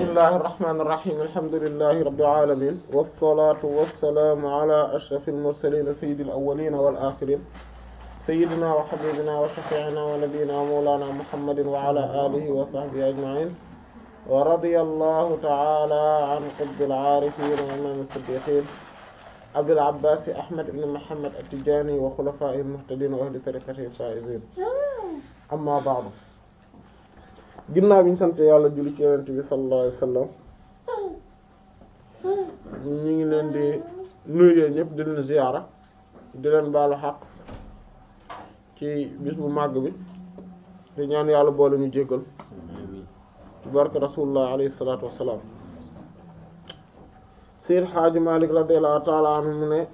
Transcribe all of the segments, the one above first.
bismillahi irrahmani irrahim alhamdulilahi rabbil alamin wassalatu wassalaamu ala ashrafil mursalin sayyidil awwalin wal akhirin sayyidina wa habibina wa shafi'ina wa nabiyyina wa mawlana muhammadin wa ala alihi wa sahbihi ajma'in wa radiyallahu ta'ala an qutbil aarifin wa imaamil siddiqin abil abbaas ahmad ibn muhammad at-tijaani wa xulafaa'ihil muhtadiin wa ahli tariiqatihil faa'iziin amma ba'du ginnaaw bi ñu sant yàlla julli ci yonent bi sallallahu alayhi ñu ngi leen di nuyu ñëpp di leen ziyaara di leen baalu xaq ci bis bu màgg bi te ñaan yàlla boole ñu jéggal ci barke rasulullah alayhi salaatu wassalaam Seydi Xaaji Malik radiyallahu ta'ala anhu mu ne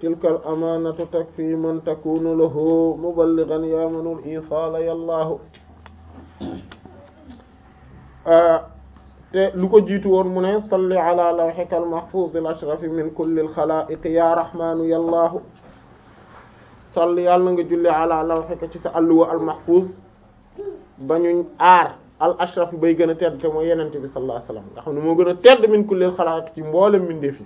tilkal amaanatu takfi man takunu lahu muballighan ya manul isaala yallahu te lu ko jiitu woon mu ne salli ala lawhika al-mahfuz al ashrafi min kulli al-khalaiq ya rahmanu ya allahu salli yàlla nga julli ala lawhika ci sa alluwa al ba ñu aar al ashraf bay gën a tedd te mooy yenente bi sallallahu alayhi wasallam nga moo gën a tedd min kullil xalaa'iq ci mboolem mbindeef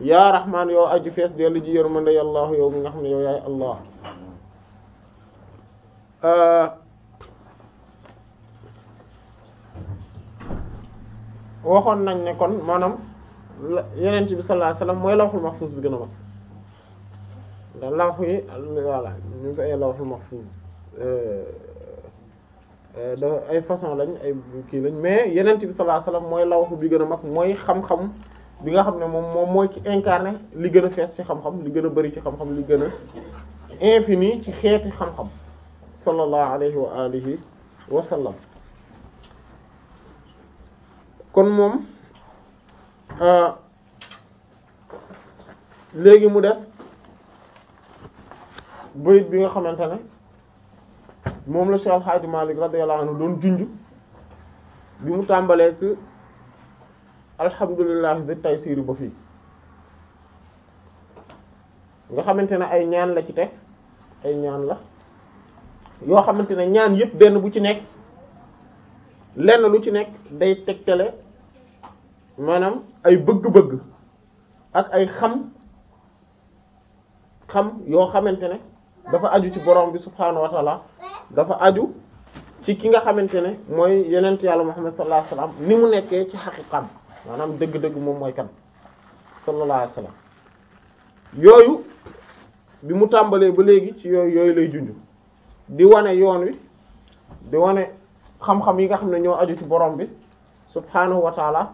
yi yaa rahmaan yow aju fees dellu ji yërmande yàllaahu yow mi nga xam ne yow yaay allah waxoon nañ ne kon maanaam yeneen ci bi sallallahu alayhi wasallam mooy lawhul mahfuz bi gën a mag ndax lawh yi voilà ñu ngi ay lawhul mahfuz euh, euh, ay façon lañ ay kii lañ mais yeneen ci bi sallallahu alayhi wasallam mooy lawh bi gën a mag mooy xam-xam bi nga xam ne moom moom mooy ci incarné li gën a fees ci xam-xam li gën a bari ci xam-xam li gën a infini ci xeeti xam-xam sallallahu alayhi wa alihi wa sallam kon moom euh, léegi mu des bayit bi nga xamante ne moom la si Al Hadj Malick radiyallahu anhu doon junj bi mu tàmbalee ci alhamdulilah di tay siiri ba fii nga xamante ne ay ñaan la ci teg ay ñaan la yoo xamante ne ñaan yépp benn bu ci nekk lenn lu ci nekk day tegtale maanaam ay bëgg-bëgg ak ay xam xam yoo xamante ne dafa aju ci borom bi subhaanahu wa taala dafa aju ci ki nga xamante ne mooy yenent yàlla Muhammad sallallahu alayhi wasallam ni mu nekkee ci xaqiqam maanaam dëgg-dëgg moom mooy kan sallallahu alayhi yooyu bi mu tàmbalee ba léegi ci yooyu yooyu lay junj di wane yoon wi di wane xam-xam yi nga xam ne ñoo aju ci borom bi subhaanahu wa taala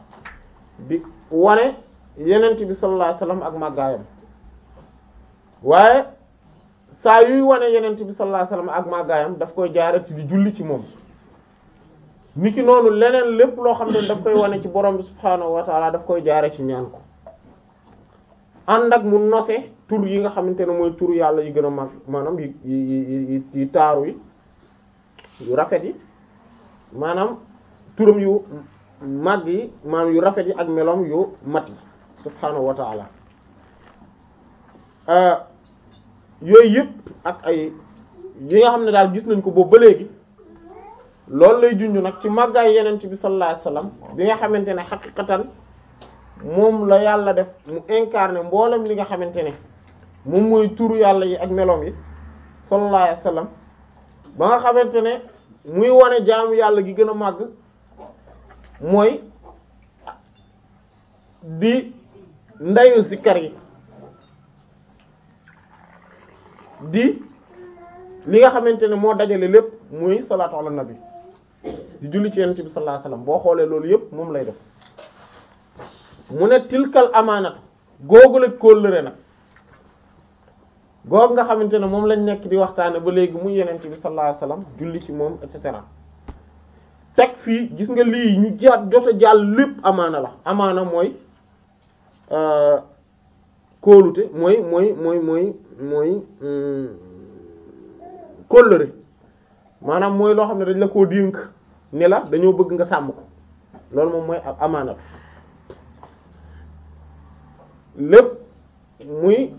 di wane yenent bi sallallahu alayhi wasallam ak màggaayam waaye saa yuy wane yenent bi sallallahu alayhi wasallam ak màggaayam daf koy jaare ci di julli ci moom ni ki noonu leneen lépp loo xam ne daf koy wane ci borom bi subhaanahu wa daf koy jaare ci ñaan ko ànd ak mu note tur yi nga xamante ne mooy tur yàlla yi gën a mag maanaam yi yi yi taaru yi yu rafet yi maanaam turam yu màgg yi maanaam yu rafet yi ak meloom yu mat yi subhaanahu wa taala euh, yooyu yëpp ak ay yi nga xam ne daal gis nañ ko boobu ba léegi loolu lay junj nag ci màggaay yenent bi sallallahu alayhi bi nga xamante ne xaqiqatan moom la yàlla def mu incarné mboolem li nga xamante ne moom mooy turu yàlla yi ak meloom yi sallallahu alayhi ba nga xamante ne muy wane jaamu yàlla gi gën a màgg mooy di ndayu zikkar yi di li nga xamante ne moo dajale lépp muy salaatu na nabi di julli ci yonent bi sallallahu alayhi boo xoolee loolu yëpp moom lay def mu ne tilkal amaanat googu la kóllëre nag googu nga xamante ne moom lañ nekk di waxtaane ba léegi muy yonent bi sallallahu alayhi julli ci moom et cetera teg fii gis nga lii ñu jaat jot jàll lépp amaana la amaana mooy euh, kóolute mooy mooy mooy mooy mooy hmm, kóllëre maanaam mooy loo xam ne dañ la koo dénk ne la dañoo bëgg nga sàmm ko loolu moom mooy ab amaana la lépp muy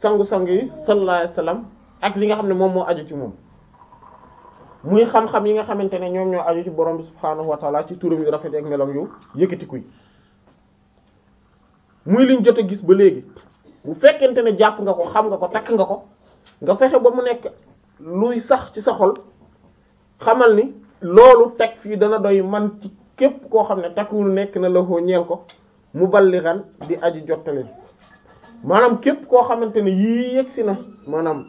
sangu-sangu yi sallallahu alayhi wasallam ak li nga xam ne moom moo aju ci moom muy xam-xam yi nga xamante ne ñoom ñoo aju ci borom bi subhaanahu wa taala ci turam yu rafet ak melam yu yëkkatiku yi muy liñ jot a gis ba léegi bu fekkente ne jàpp nga ko xam nga ko takk nga ko nga fexe ba mu nekk luy sax ci sa xol xamal ni loolu teg fii dana doy man ci képp koo xam ne takkul nekk na la hoo ñeel ko mu balliran di aju jottali maanaam képp koo xamante ne yii yegsi na maanaam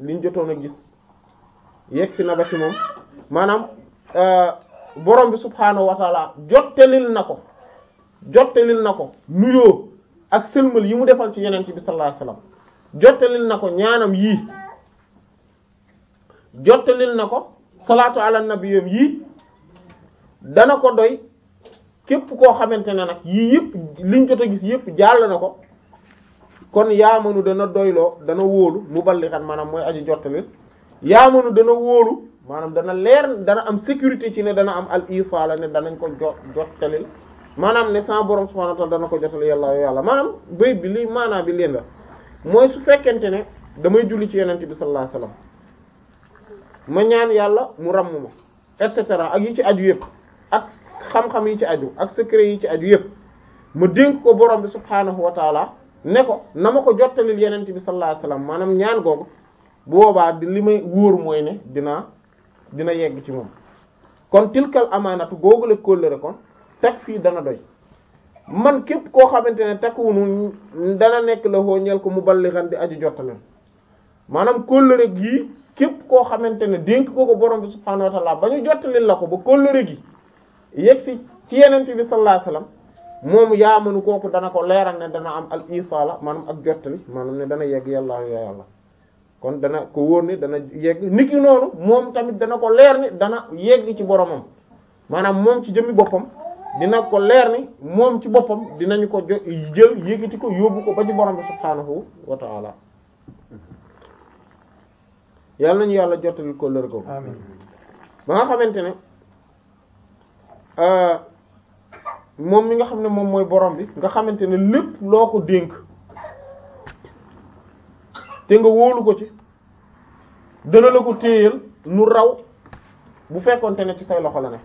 liñ jotoon a gis yegsi na ba ci moom maanaam euh, borom bi subhaanahu wa taala na ko jottelil na ko nuyoo ak sëlmal yi mu defal ci yenent bi sallallahu alayhi na ko ñaanam yii jottelil na ko salaatu ala nabiyam yii dana ko doy képp koo xamante ne nag yii yëpp liñ jot a gis yëpp jàll na ko kon yaa mënu dana doyloo dana wóolu mu balli xan maanaam mooy aju jottalil yaa yaamanu dana wóolu maanaam dana leer dana am sécurité ci ne dana am al isaala ne danañ ko jot jottalil maanaam ne sans borom subhanahu wa ta'ala dana ko jotal yàlla yàlla maanaam bi lii maanaam bi leen la mooy su fekkente ne damay julli ci yenente bi sallallahu alayhi wasallam ma ñaan yàlla mu ràmm ma et cetera ak yi ci aju yëpp ak xam-xam yi ci aju ak secret yi ci aju yëpp ma dénk ko borom bi subhanahu wa ta'ala ne ko na ma ko jottalil yenente bi sallallahu alayhi wasallam maanaam ñaan googu bu boobaa li may wóor mooy ne dinaa dina yegg ci moom kon tilkal amaanatu googu la kóllëre kon teg fii dana doy man képp koo xamante ne tekkuwunu dana nekk la foo ñeel ko mu balliran di aju jottaleen maanaam kóllëre gi képp koo xamante ne dénk ko ko borom bi subhaanahu wa ba ñu jottaleen la ko ba kóllëre gi yegg si ci yenent bi sallallahu alayhi wasallam moom yaamanu kooku dana ko leeral ne dana am al isaala maanaam ak jottali maanaam ne dana yegg yàlla ya kon dana ko wóor ni dana yegg ki noonu moom tamit dana ko leer ni dana yegg ci boromam maanaam moom ci jëmmi boppam dina ko leer ni moom ci boppam dinañu ko jo jël yëkkati ko yóbbu ko ba ñu borom bi subhaanahu wa ta'ala yàlla nañu yàlla jottali ko lër ko amiin ba nga xamante ne euh, moom mi nga xam ne moom mooy borom bi nga xamante ne lépp loo ko dénk te nga wóolu ko ci dana la ko téyeel nu raw bu fekkonte ne ci say loxo la ne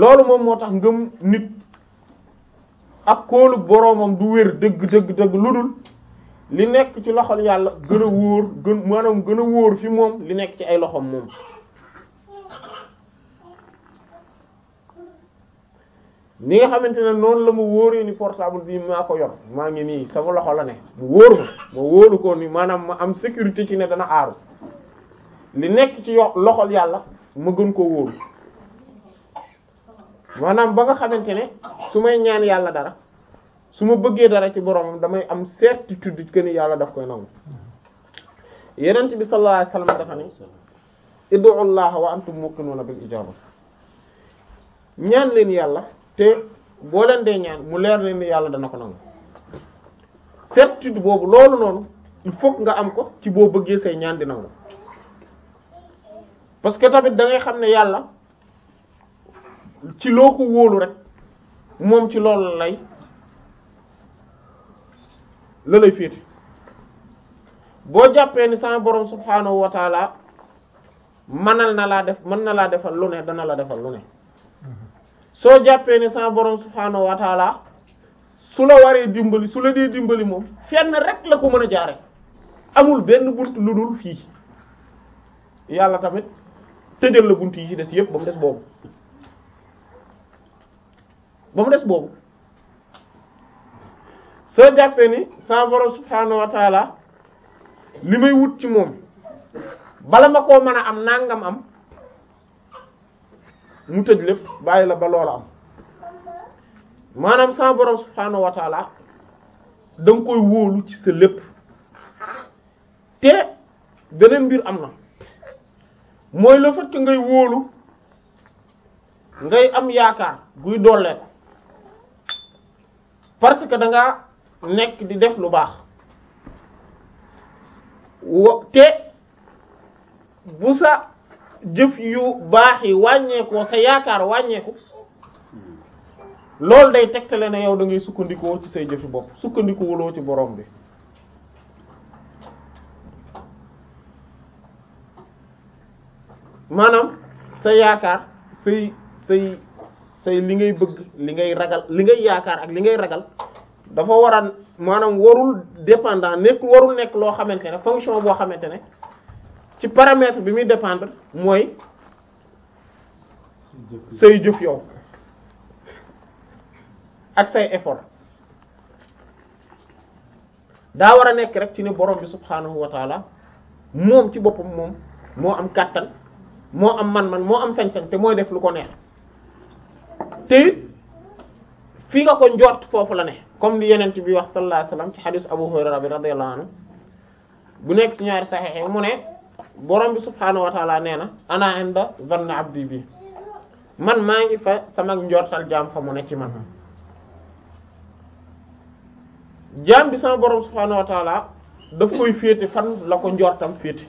loolu moom moo tax ngam nit ak kóolu boroomam du wér dëgg dëgg dëgg lu dul li nekk ci loxol yàlla gën a wóor gën maanaam gën a wóor fi moom li nekk ci ay loxoom moom ni nga xamante ne noonu la ma wóoree ni portable bi maa ko yor maa ngi nii sama loxo la ne mu wóor ma ma wóoru ko ni maanaam ma am sécurité ci ne dana aaru li nekk ci yo loxol yàlla ma gën koo wóoru maanaam ba nga xamante ne su may ñaan yàlla dara su ma bëggee dara ci boromam damay am certitude que ni yàlla daf koy nangu yenent bi sallallahu alayhi wasallam dafa ne id'u llaha wa antum muqinuuna bil ijaaba ñaan leen yàlla te boo leen dee ñaan mu leer leen ni yàlla dana ko nangu certitude boobu loolu noonu il faut nga am ko ci boo bëggee say ñaan di nangu parce que tamit da xam ne yàlla ci loo ko wóolu rek moom ci loolu lay la lay féete boo jàppee ni sama borom subhaanahu wa taala mënal na laa def mën na laa defal lu ne dana la defal lu ne soo jàppee ne sa borom subhaanahu su la waree dimbali su la dee dimbali moom fenn rek la ko mën a jaare amul benn bunt lu dul fii yàlla tamit tëjal la bunt yi ci des yépp ba mu des boobu ba mu des boobu soo jàppee ni sa borom subhaanahu li may wut ci moom bala ma koo mën a am nangam am mu tëj lépp bàyyi la ba loola am maanaam sa borom subhaanahu wa taala koy wóolu ci sa lépp te beneen mbir am na mooy le fait ngay wóolu ngay am yaakaar guy doole parce que da nga nekk di def lu baax wo te bu sa jëf yu baax yi wàññeekoo sa yaakaar wàññeeku loolu day tegtale na yow da ngay sukkandikoo ci say jëfi bopp sukkandiku wuloo ci borom bi maanaam sa yaakaar say say say li ngay bëgg li ngay ragal li ngay yaakaar ak li ngay ragal dafa war a maanaam warul dépendant nekk warul nekk loo xamante ne fonction boo xamante ne ci parametre bi muy dépendre mooy say jëf yow ak say effort daa war a nekk rek ci ne borom bi subhaanahu wa taala moom ci boppam moom moo am kàttan moo am man-man moo am sañ-sañ te mooy def lu ko neex te fii nga ko njort foofu la ne comme li yeneen bi wax sallallahu alayhi wasallam ci xadiis Abu Hurayra bi radiyallahu bu nekk ci ñaari saxiix mu ne borom bi subhaanahu wa nee na ana inda na abdi bi man maa ngi fa sama njortal jaam fa mu ne ci man jaam bi sama borom subhaanahu wa koy féete fan la ko njortam féete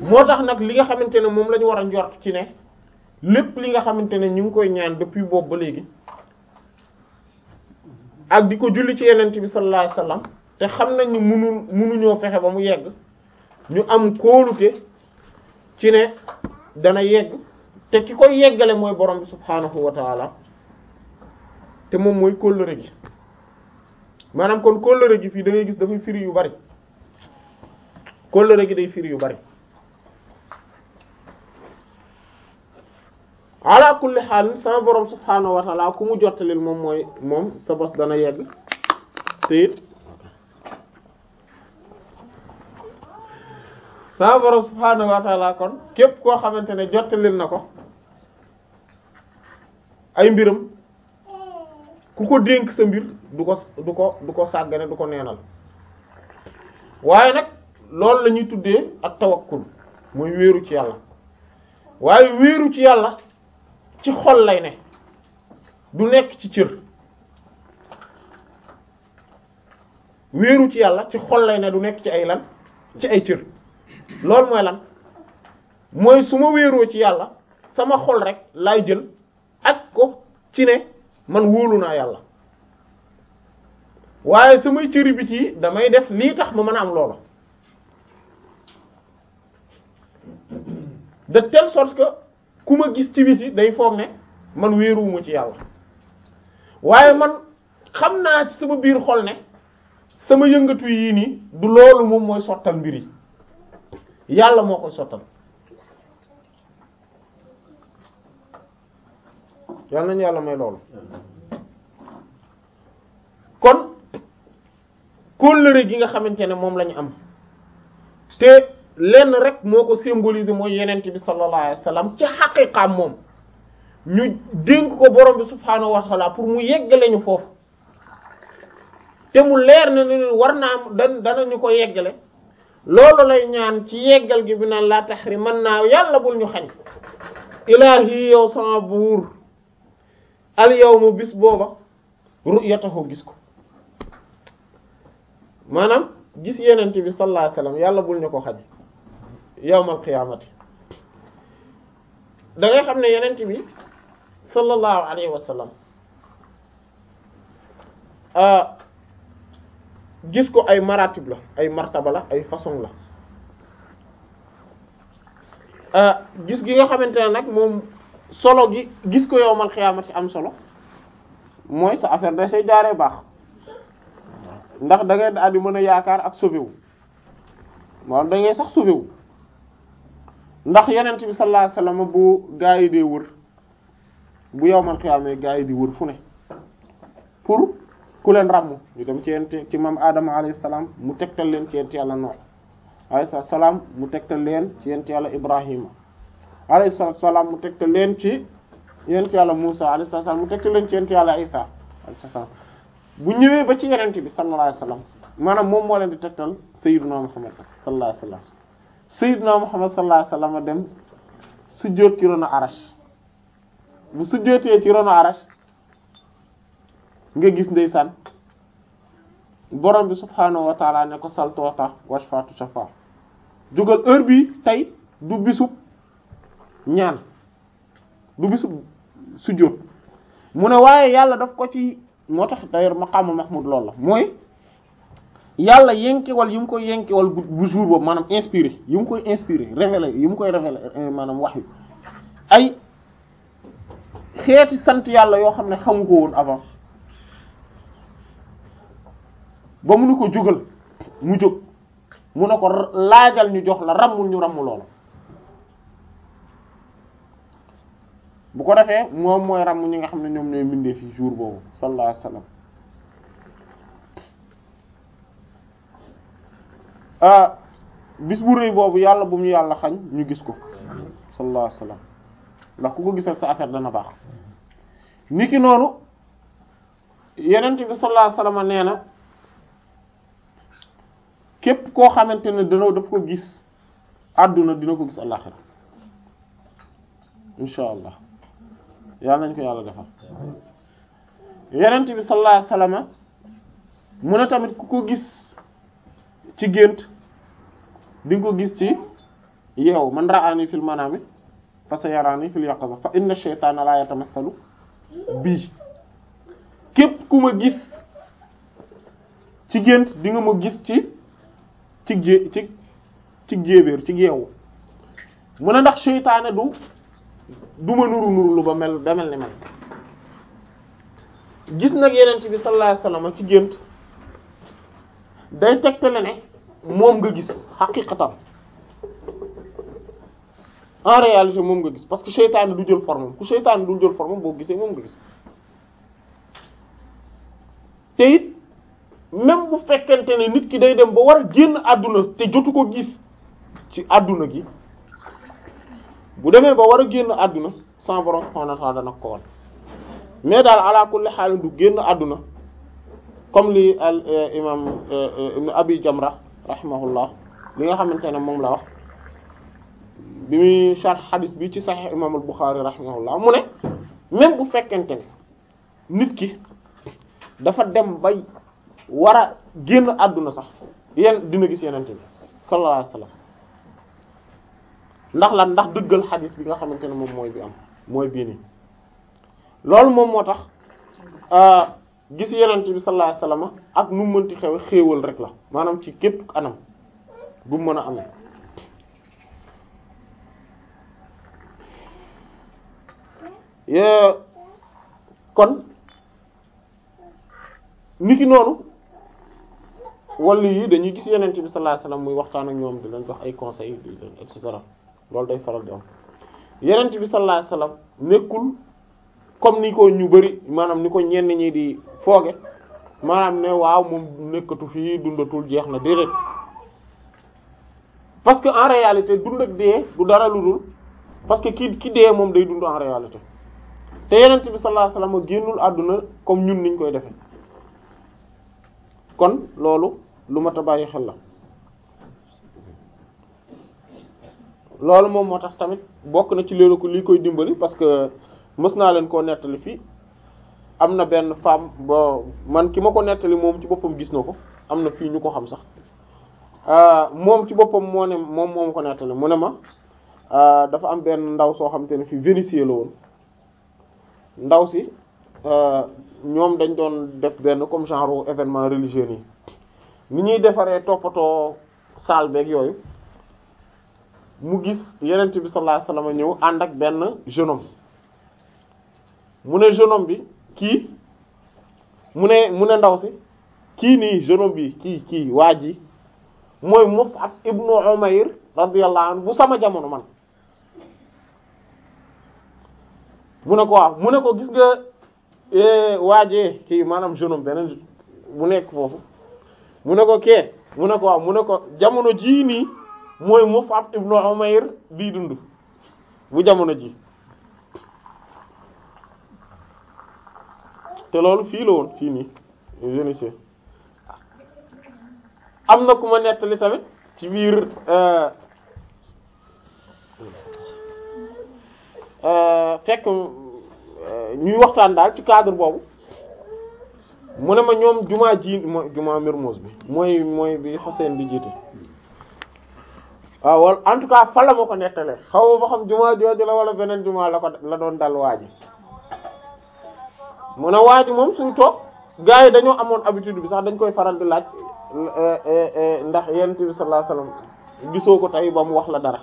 moo tax nag li nga xamante ne moom lañu war a njort ci ne lépp li nga xamante ne ñu ngi koy ñaan depuis boobu ba léegi ak di ko julli ci yenent bi sallallahu alayhi wasallam te xam nañ ni munu munuñoo fexe ba mu yegg ñu am kóolute ci ne dana yegg te ki koy yeggale mooy borom bi subhaanahu wa te moom mooy kóllëre gi maanaam kon kóllëre gi fii da gis dafay firi yu bari kóllëre gi day firi yu bari ala kulli xaal sama borom subhaanahu wa taala ku mu jottalil moom mooy moom sa bos dana yegg te sa borom subhaanahu kon képp koo xamante ne leen na ko ay mbiram ku ko dénk sa mbir du ko du ko du ko sàggane du ko neenal waaye nag loolu lañuy tuddee ak tawakkul muy wéeru ci yàlla waaye wéeru ci yàlla ci xol lay ne du nekk ci wéeru ci yàlla ci xol lay ne du nekk ci ay lan ci ay cër loolu mooy lan mooy su ma wéeroo ci yàlla sama xol rek laay jël ak ko ci ne man wóolu naa yàlla waaye samay cëri bit yi damay def lii tax ma mën a am loola de telle sorte que ku ma gis ci biti day foog ne man wéeruwuma ci yàlla waaye man xam naa ci sama biir xol ne sama yëngatu yii nii du loolu moom mooy sottal mbir yi yàlla moo koy sottal yàlla nañu yàlla may loolu kon kóllëre gi nga xamante ne moom la ñu am te lenn rek moo ko symboliser mooy yenent bi sallallahu alayhi wa sallam ci xaqiqaam moom ñu dénk ko borom bi subhaanahu wa ta'ala pour mu yeggale ñu foofu te mu leer na ne war naa am dan dana ñu ko yeggale loolu lay ñaan ci yeggal gi bi naan laa tahriman naa yàlla bul ñu xañ ilaahi yow sama buur al mu bis booba ru'yatahu gis ko maanaam gis yenent bi sallallahu alayhi wasallam yàlla bul ñu ko xañ yawmal qiyaamati da xam ne yenent bi sallallahu alayhi wasallam ah, gis ko ay maratib la ay martaba la ay façon la euh, gis gi nga xamante ne nag moom solo gi gis ko yowmal xiyaamati am solo mooy sa affaire da say jaaree baax ndax dangay ngay di mën a yaakaar ak sauvé wu maanaam sax sauvé ndax yeneen bi sallallahu alayhi bu gaa yi dee wër bu yowmal xiyaamee gaa yi di wër fu ne pour ku leen ràmm ñu dem ci yent ci maam Adama alayhi salaam mu tegtal leen ci yent yàlla Nuh alayhi salaam mu tegtal leen ci yent yàlla Ibrahima alayhi salaam mu tegtal leen ci yent yàlla Musa alayhi salaam mu tegtal leen ci yent yàlla Isa alayhi salaam bu ñëwee ba ci yenente bi sallallahu alayhi maanaam moom moo leen di tegtal sayyiduna Muhammad sallallahu alayhi wasallam sayyiduna Muhammad sallallahu alayhi wasallam dem sujjóot ci rono arash bu sujjóotee ci rono arash nga gis ndeysaan borom bi subhaanahu wa taala ne ko saltoota washfatu shafa jógal heure bi tey du bisub ñaan du bisub sujjóot mu ne waaye yàlla daf ko ci moo tax ma maqaamu mahmud loolu la mooy yàlla yenkewal yi mu koy yenkewal bu jour boobu maanaam inspiré yi mu koy inspiré révélé yi mu koy révélé eh, maanaam wax yu ay xeeti sant yàlla yoo xam ne xamu ko woon avant ba mu ni ko jógal mu jóg mu ne ko laajal ñu jox la rammul ñu ramuloo loolu bu ko defee moom mooy ramm ñi nga xam ne ñoom ñooy mbindee fi jour boobu sallallahu alayhi ah, bis bu rëy boobu yàlla bu mu yàlla xañ ñu gis ko sallallahu alayhi ndax ku ko gisal sa affaire dana baax niki noonu yeneen bi sallallahu alayhi wasallam nee na képp koo xamante ne dana daf ko gis àdduna dina ko gis allah yàlla nañ ko yàlla defal yenent bi sallallahu alayhi wasallam mu tamit ku ko gis ci gént di ko gis ci yeew man ra'ani fil manami fa sayarani fil yaqaza fa inna shaytana la yatamathalu bii képp ku ma gis ci gént di ma gis ci ci jé ci ci jéebéer ci yeewu mu ne ndax seytaane du du ma nuru nuru lu ba mel ba mel ni man gis nag yeneen bi sallallahu alayhi wasallam ci gént day tegtale ne moom nga gis xaqiqatan en réalité moom nga gis parce que seytaane du jël forme ku seytaane du jël forme boo gisee moom nga gis te it même bu fekkente ne nit ki day dem ba war a génn àdduna te jotu ko gis ci àdduna gi bu demee ba war a génn àdduna sans borom subhanahu wa dana ko wan mais daal ala kulli xaal du génn àdduna comme li al euh, imam euh, ibn abi jamra rahimahullah li nga xamante ne moom la wax bi muy sharh hadith bi ci sahih imam al bukhari rahimahullah mu ne même bu fekkente nit ki dafa dem bay war a génn àdduna sax yéen dina gis yenente bi sallallahu alayhi wasallam ndax lan ndax dëggal xadis bi nga xamante ne moom mooy bi am mooy bii nii loolu moom moo tax euh, gis yenent bi sallallahu alayhi ak nu mu mënti xew xéewal rek la maanaam ci képp anam bu mën a amee kon niki noonu wàllu yii dañuy gis yeneen bi sallallahu alayhi wasallam muy waxtaan ak ñoom di leen jox ay conseils di leen loolu day faral di am yeneen bi sallallahu alayhi nekkul comme ni ko ñu bari maanaam ni ko ñenn ñi di fooge maanaam ne waaw moom nekkatu fii dundatul jeex na déedéet parce que en réalité dund ak dee du dara lu dul parce que ki ki dee moom day dund en réalité te yeneen bi sallallahu alayhi wasallam génnul àdduna comme ñun niñ koy defee. kon loolu lu mat a bàyyi xel la loolu moom moo tax tamit bokk na ci léeru ko li koy dimbali parce que mës naa leen koo nettali fii am na benn femme bo man ki ma ko nettali moom ci boppam gis na ko am na fii ñu ko xam sax ah, moom ci boppam moo ne moom moom ko nettali mu ne ma ah, dafa am benn ndaw soo xam te ne fii vénitieux la woon ndaw si Euh, ñoom dañ doon def benn comme genre événement religieux nii ni ñuy defaree toppatoo saal yooyu mu gis yenent bi sallallahu alayhi wasallam ñëw ànd ak benn jenom homme mu ne jeune bi kii mu ne mu ne ndaw si kii nii jeune bi kii kii waa ji mooy Mus'ab ibnu Umayr radiyallahu anhu bu sama jamono man mu ne ko waaw mu ne ko gis nga E, waajee kii maanaam jeune homme beneen bu nekk foofu mu ne ko kee mu ne ko waaw mu ne ko jamono jii nii mooy Mus'ab ibnu Umayr bii dund mu jamono ji te loolu fii la fii ni am na ku ma nettali tamit ci biir euh, euh, fekk ñuy waxtaan daal ci cadre boobu mu ne ma ñoom jumaa ji mooy jumaa Mermoz bi mooy mooy bi Hussein di jiite waaw en tout cas fa la ko nettalee xaw ma xam jumaa jooju la wala beneen jumaa la ko la doon dal waa ji mu ne waa ji moom suñu toog gars yi dañoo amoon habitude bi sax dañ koy faral di laaj eh, eh, eh, ndax yonent bi sallallahu alayhi gisoo ko tey ba mu wax la dara.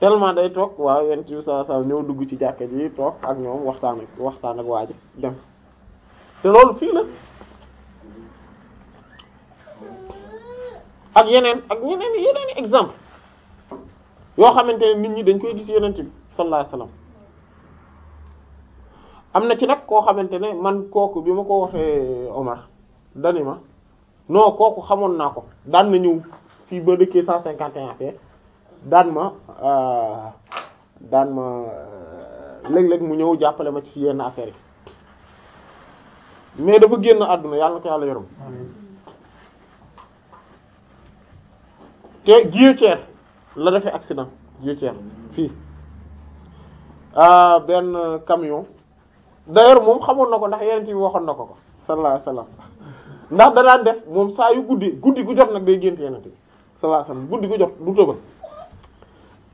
tellement day toog waaw yonent bi sallallahu ñëw dugg ci jàkka ji toog ak ñoom waxtaan ak waxtaan ak waa ji dem te loolu fii la ak yeneen ak yeneen yeneen exemple yoo xamante ne nit ñi dañ koy gis yonent bi sallallahu alayhi am na ci nag koo xamante ne man kooku bi ma ko waxee Omar dani ma non kooku xamoon naa ko daan na ñëw fii ba dëkkee cent cinquante et un daan ma euh, daan ma euh, léeg-léeg mu ñëw jàppale ma ci yenn affaire yi mais dafa génn àdduna yàlla na ko yàlla yërëm te Guillotière la defee accident Guillotière fii euh, benn camion d'ailleurs moom xamoon na ko ndax yeneen bi waxoon na ko ko sallallahu alayhi wasallam ndax danaan def moom saa yu guddi guddi gu jot nag day gént yeneen bi sallallahu alayhi wasallam guddi gu jot du tëbal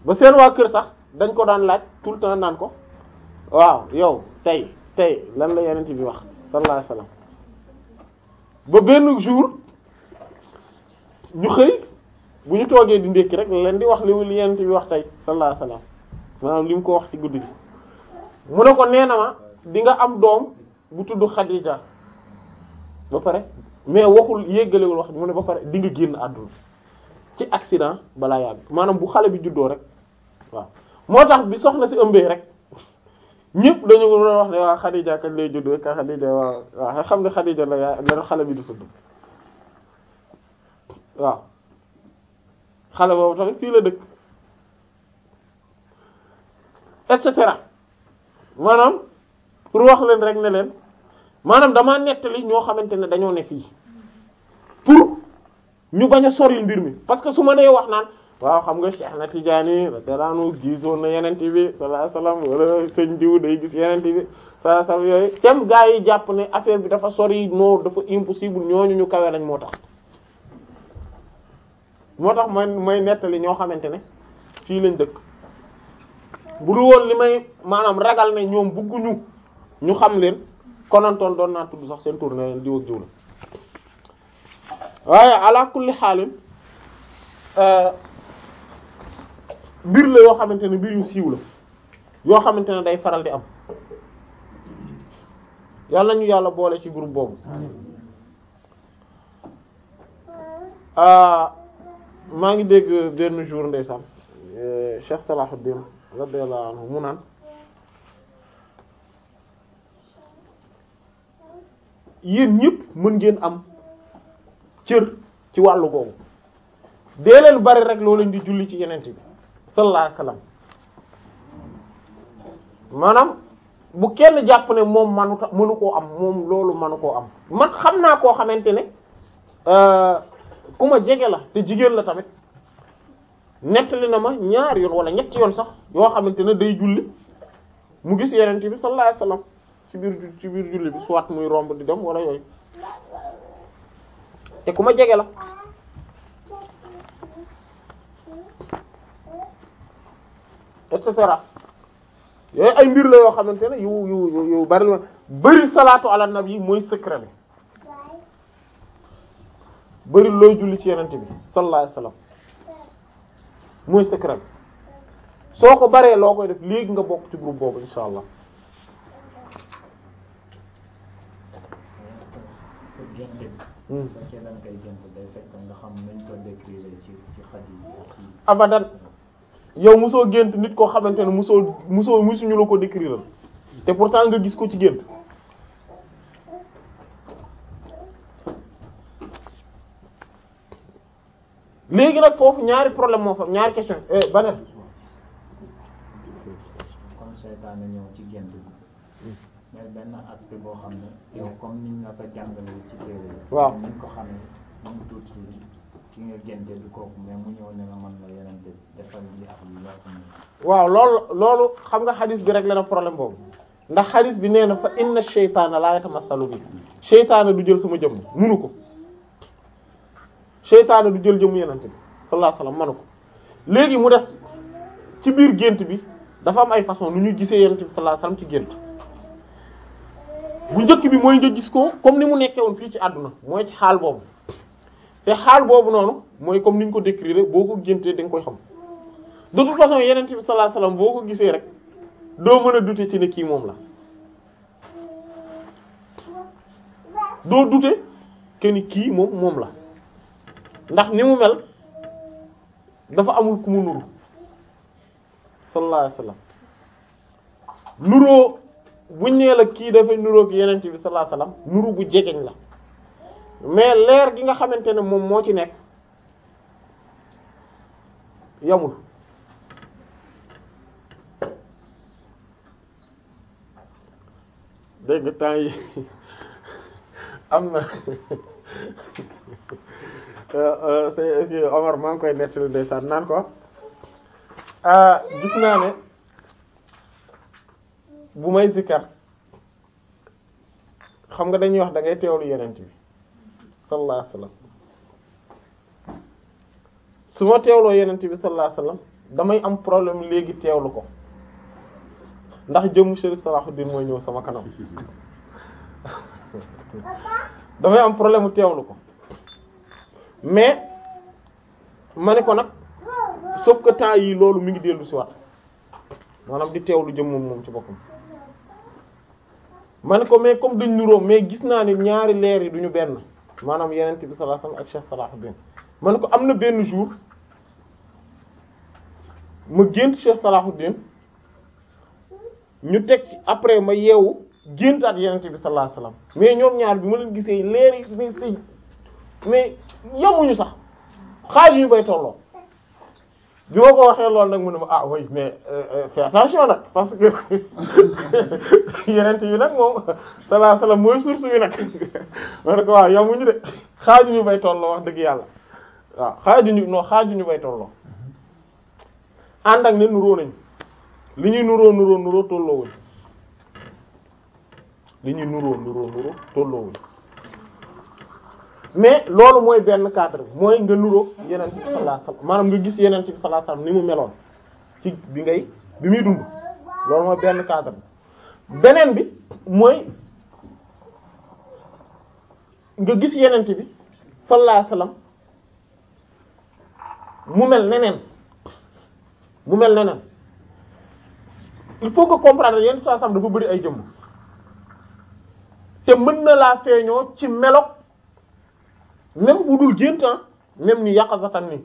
ba seen waa kër sax dañ ko daan laaj tout le temps naan ko waaw yow tey tey lan la yeneen bi wax salaa alayhi ba benn jour ñu xëy bu ñu toogee di ndékki rek leen di wax li yeneen bi wax tey sallallahu alayhi wasallam maanaam li mu ko wax ci guddi mu ne ko nee ma di nga am doom bu tudd Xadija ba pare mais waxul yéggalewul wax mu ne ba pare di génn àdduna ci accident balaa yàgg maanaam bu xale bi juddoo rek waaw moo tax bi soxna si ëmbee rek ñépp dañu ko wax ne waa Khadija kañ lay judd ka Khadija waaw waaw xam nga Khadija la yaay la xale bi du tudd waaw xale boobu tamit fii la dëkk et maanaam pour wax leen rek ne leen maanaam damaa nettali ñoo xamante ne dañoo ne fii pour ñu bañ a soril mbir mi parce que su ma nee wax naan. waaw xam nga Cheikh na Tijaani radiyallahu anhu gisoon na yenent bi sallallahu alayhi wasallam wala sëñ diw day gis yenent bi sallallahu alayhi wasallam yooyu tem gaa yi jàpp ne affaire bi dafa sori noor dafa impossible ñooñu ñu kawe lañ moo tax moo tax man may nettali ñoo xamante ne fii lañ dëkk bu dul woon li may maanaam ragal ne ñoom bugguñu ñu xam leen konantoon doon naa tudd sax seen tournée diw ak diw la waaye ala kulli euh, mbir la yoo xamante ne mbir yu siiw la yoo xamante ne day faral di am yàlla ñu yàlla boole ci groupe boobu ah, maa ngi dégg benn jour ndeysaan eh, Cheikh Salahuddin la anhu mu naan yéen ñëpp mën ngeen am cër ci wàllu googu dee leen bari rek loo di julli ci yeneen bi sallallahu alayhi wa sallam maanaam bu kenn jàpp ne moom manuta mënu koo am moom loolu manu koo am man xam naa koo xamante ne euh, ku ma jege la te jigéen la tamit nettali na ma ñaar yoon walla ñett yoon sax yoo xamante ne day julli mu gis yenente bi sallallahu alayhi wa ci biir ci biir julli bi soit muy romb di dem wala yooyu te ku ma jege la et cetera yooyu ay mbir la yoo xamante ne yu yu yu yu bari la bari salaatu ala nabi mooy secret bi bari looy julli ci yenente bi soo ko baree loo koy def léegi nga bokk ci groupe boobu insha allah hmm. abadan yow mosoo gént nit koo xamante ne mosoo mosoo mosuñu la ko décrire te pourtant nga gis ko ci gént léegi nag foofu ñaari problème moo fa ñaari question eh, baneen comme ñëw ci gént bi mais boo xam ne yow ko jàngalee ci téere waaw niñ ko xamee ki ko mën waaw loolu loolu xam nga xadis bi rek la na problème boobu ndax xadis bi nee na fa inna sheytaana laa yatamassalu bi sheytaana du jël sama jëmm munu ko sheytaana du jël jëmm yenente bi sallallahu alayhi manu ko léegi mu des ci biir gént bi dafa am ay façon nu ñu gisee yenente bi sallallahu alayhi ci gént bu njëkk bi mooy nga gis ko comme ni mu nekkee woon fii ci àdduna mooy ci xaal boobu te xaal boobu noonu mooy comme ni ko décrire boo ko géntee da koy xam de toute façon yeneen bi sallallahu alayhi boo ko gisee rek doo mën a douter ci ne kii moom la doo douter kenn kii moom moom la ndax ni mu mel dafa amul ku mu nuru sallallahu alayhi wasallam nuroo nee la kii dafay nuroog yeneen bi sallallahu alayhi nuru bu jegeñ la mais leer gi nga xamante ne moom moo ci nekk yamul dégg nga temps yi am na euh, euh, c'est euh, maa ngi koy de ndeysaan naan ko ah, gis naa ne bu may zikkar xam nga dañuy wax da ngay yeneen bi sallallahu alayhi wasallam su ma teewloo yenente bi sallallahu alayhi damay am problème léegi teewlu ko ndax jëmu Cheikh Salahuddin mooy ñëw sama kanam damay am problème mu teewlu ko mais ma ne ko nag sauf que temps yi loolu mu ngi dellu ci wat maanaam di teewlu jëm moom ci boppam ma ne ko mais comme duñ nuroo mais gis naa ne ñaari leer yi duñu benn maanaam yenente bi sallallahu alayhi wasallam ak Cheikh Salahuddin ma ne ko am na benn jour ma gént Cheikh Salahuddin ñu teg après ma yeewu géntaat yenente bi sallallahu alayhi wasallam mais ñoom ñaar bi ma leen gisee leeri mais si mais yamuñu sax xaaju yu bay tolloo bi ma ko waxee loolu nag mu ne ma ah oui mais euh, euh, fais attention nag parce que yeneen yi nag moom sallallahu alayhi wasallam mooy source bi nag ma ne ko waaw yamuñu de xaajuñu bay tolloo wax dëgg yàlla waaw xaajuñu non xaajuñu bay tolloo ànd ak ne nuróo nañ li ñuy nuróo nuróo nuróo tolloowuñ li ñuy nuróo nuróo nuróo tolloowuñ mais loolu mooy benn cadre bi mooy nga nuróo yenent bi sallallahu nga gis yenent bi sallallahu alayhi ni mu meloon ci bi ngay bi muy dund loolu mooy benn cadre bi beneen bi mooy nga gis yenent bi sallallahu alayhi wasallam mu mel neneen mu mel neneen il faut que comprendre yenn saa sam dafa bëri ay jëmm te mën na laa feeñoo ci melo même bu dul gént ah, même ni yaqazatan ni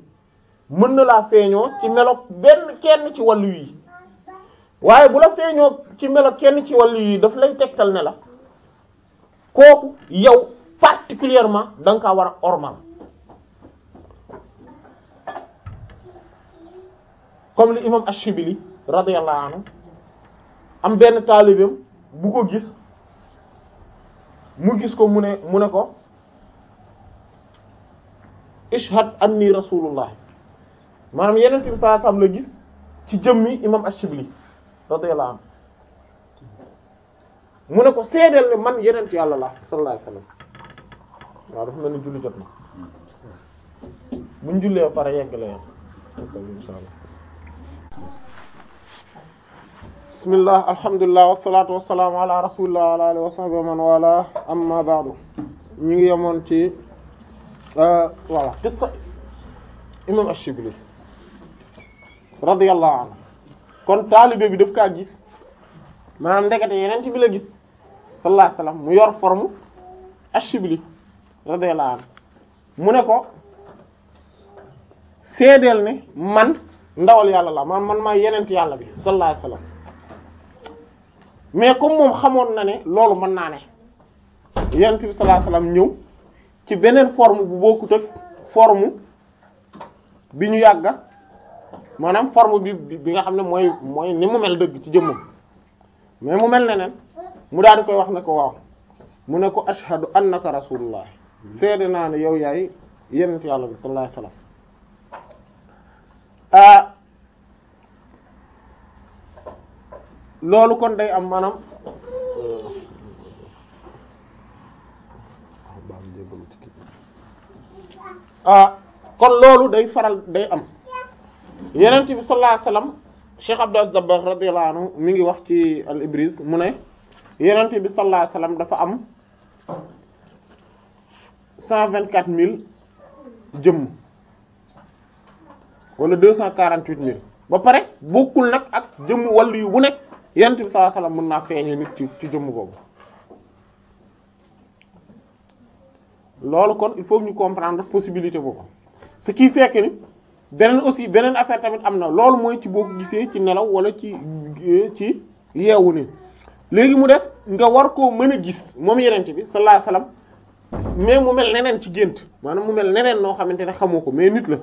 mën na laa feeñoo ci melo benn kenn ci wàll yi waaye bu la feeñoo ci melo kenn ci wàllu yi daf lay tegtal ne la kooku yow particulièrement danga ka war a ormal comme li imam Ashibili radiyallahu anhu am benn taalibeem bu ko gis mu gis ko mu ne mu ne ko ishhad anni rasulullah maanaam yeneen bi sallallahu alayhi la gis ci jëmmi imam Ashibli radiyallahu anhu mu ne ko seedeel ne man yeneen yàlla la sallallahu alayhi wasallam waaw dafa mel ni jot na buñ jullee pare yegg la yam bismillah alhamdulilah wasalatu wasalaamu ala rasulillah wa ala alihi wa sahbihi wa ngi yemoon ci Э, voilà qissa imam Ash-Shibli radiyallahu anhu kon taalibe bi daf ka gis maanaam ndekete yeneen ci bi la gis sallallahu alayhi wasallam mu yor forme Ash-Shibli radiyallahu mu ne ko seedeel ne man ndawal yàlla la man man maa yenent yàlla bi sallallahu la wasallam mais comme moom xamoon na ne loolu mën naa ne yenent bi sallallahu alayhi wasallam ñëw ci beneen forme bu bokkut ak forme bi ñu yàgga maanaam forme bi bi nga xam ne mooy mooy ni mu mel dëgg ci jëmmam mais mu mel nen mu daal di koy wax ne ko waaw mu ne ko ashhadu annaka rasulullah seede naa ne yow yaay yenent yàlla bi sallallahu alayhi wasallam ah, loolu kon day am maanaam Ah, kon loolu day faral day am yenent bi sallallahu alayhi wasallam Cheikh Abdou Aziz Dabakh radiyallahu mi ngi wax ci al Ibriz mu ne yenent bi sallallahu alayhi dafa am cent vingt quatre mille jëmm wala deux cent quarante huit mille ba pare bokkul nag ak jëmm wàllu yu bu nekk yenent bi sallallahu alayhi wasallam mën naa feeñe nit ci ci jëmm boobu loolu kon il faut ñu comprendre possibilité boobu si kii fekk ni beneen aussi beneen affaire tamit am na loolu mooy ci boo gisee ci nelaw wala ci euh, ci yeewu ni léegi mu def nga war ko mën a gis moom yenente bi sallallahu alayhi mais mu mel neneen ci gént maanaam mu mel neneen noo xamante ne xamoo ko mais nit la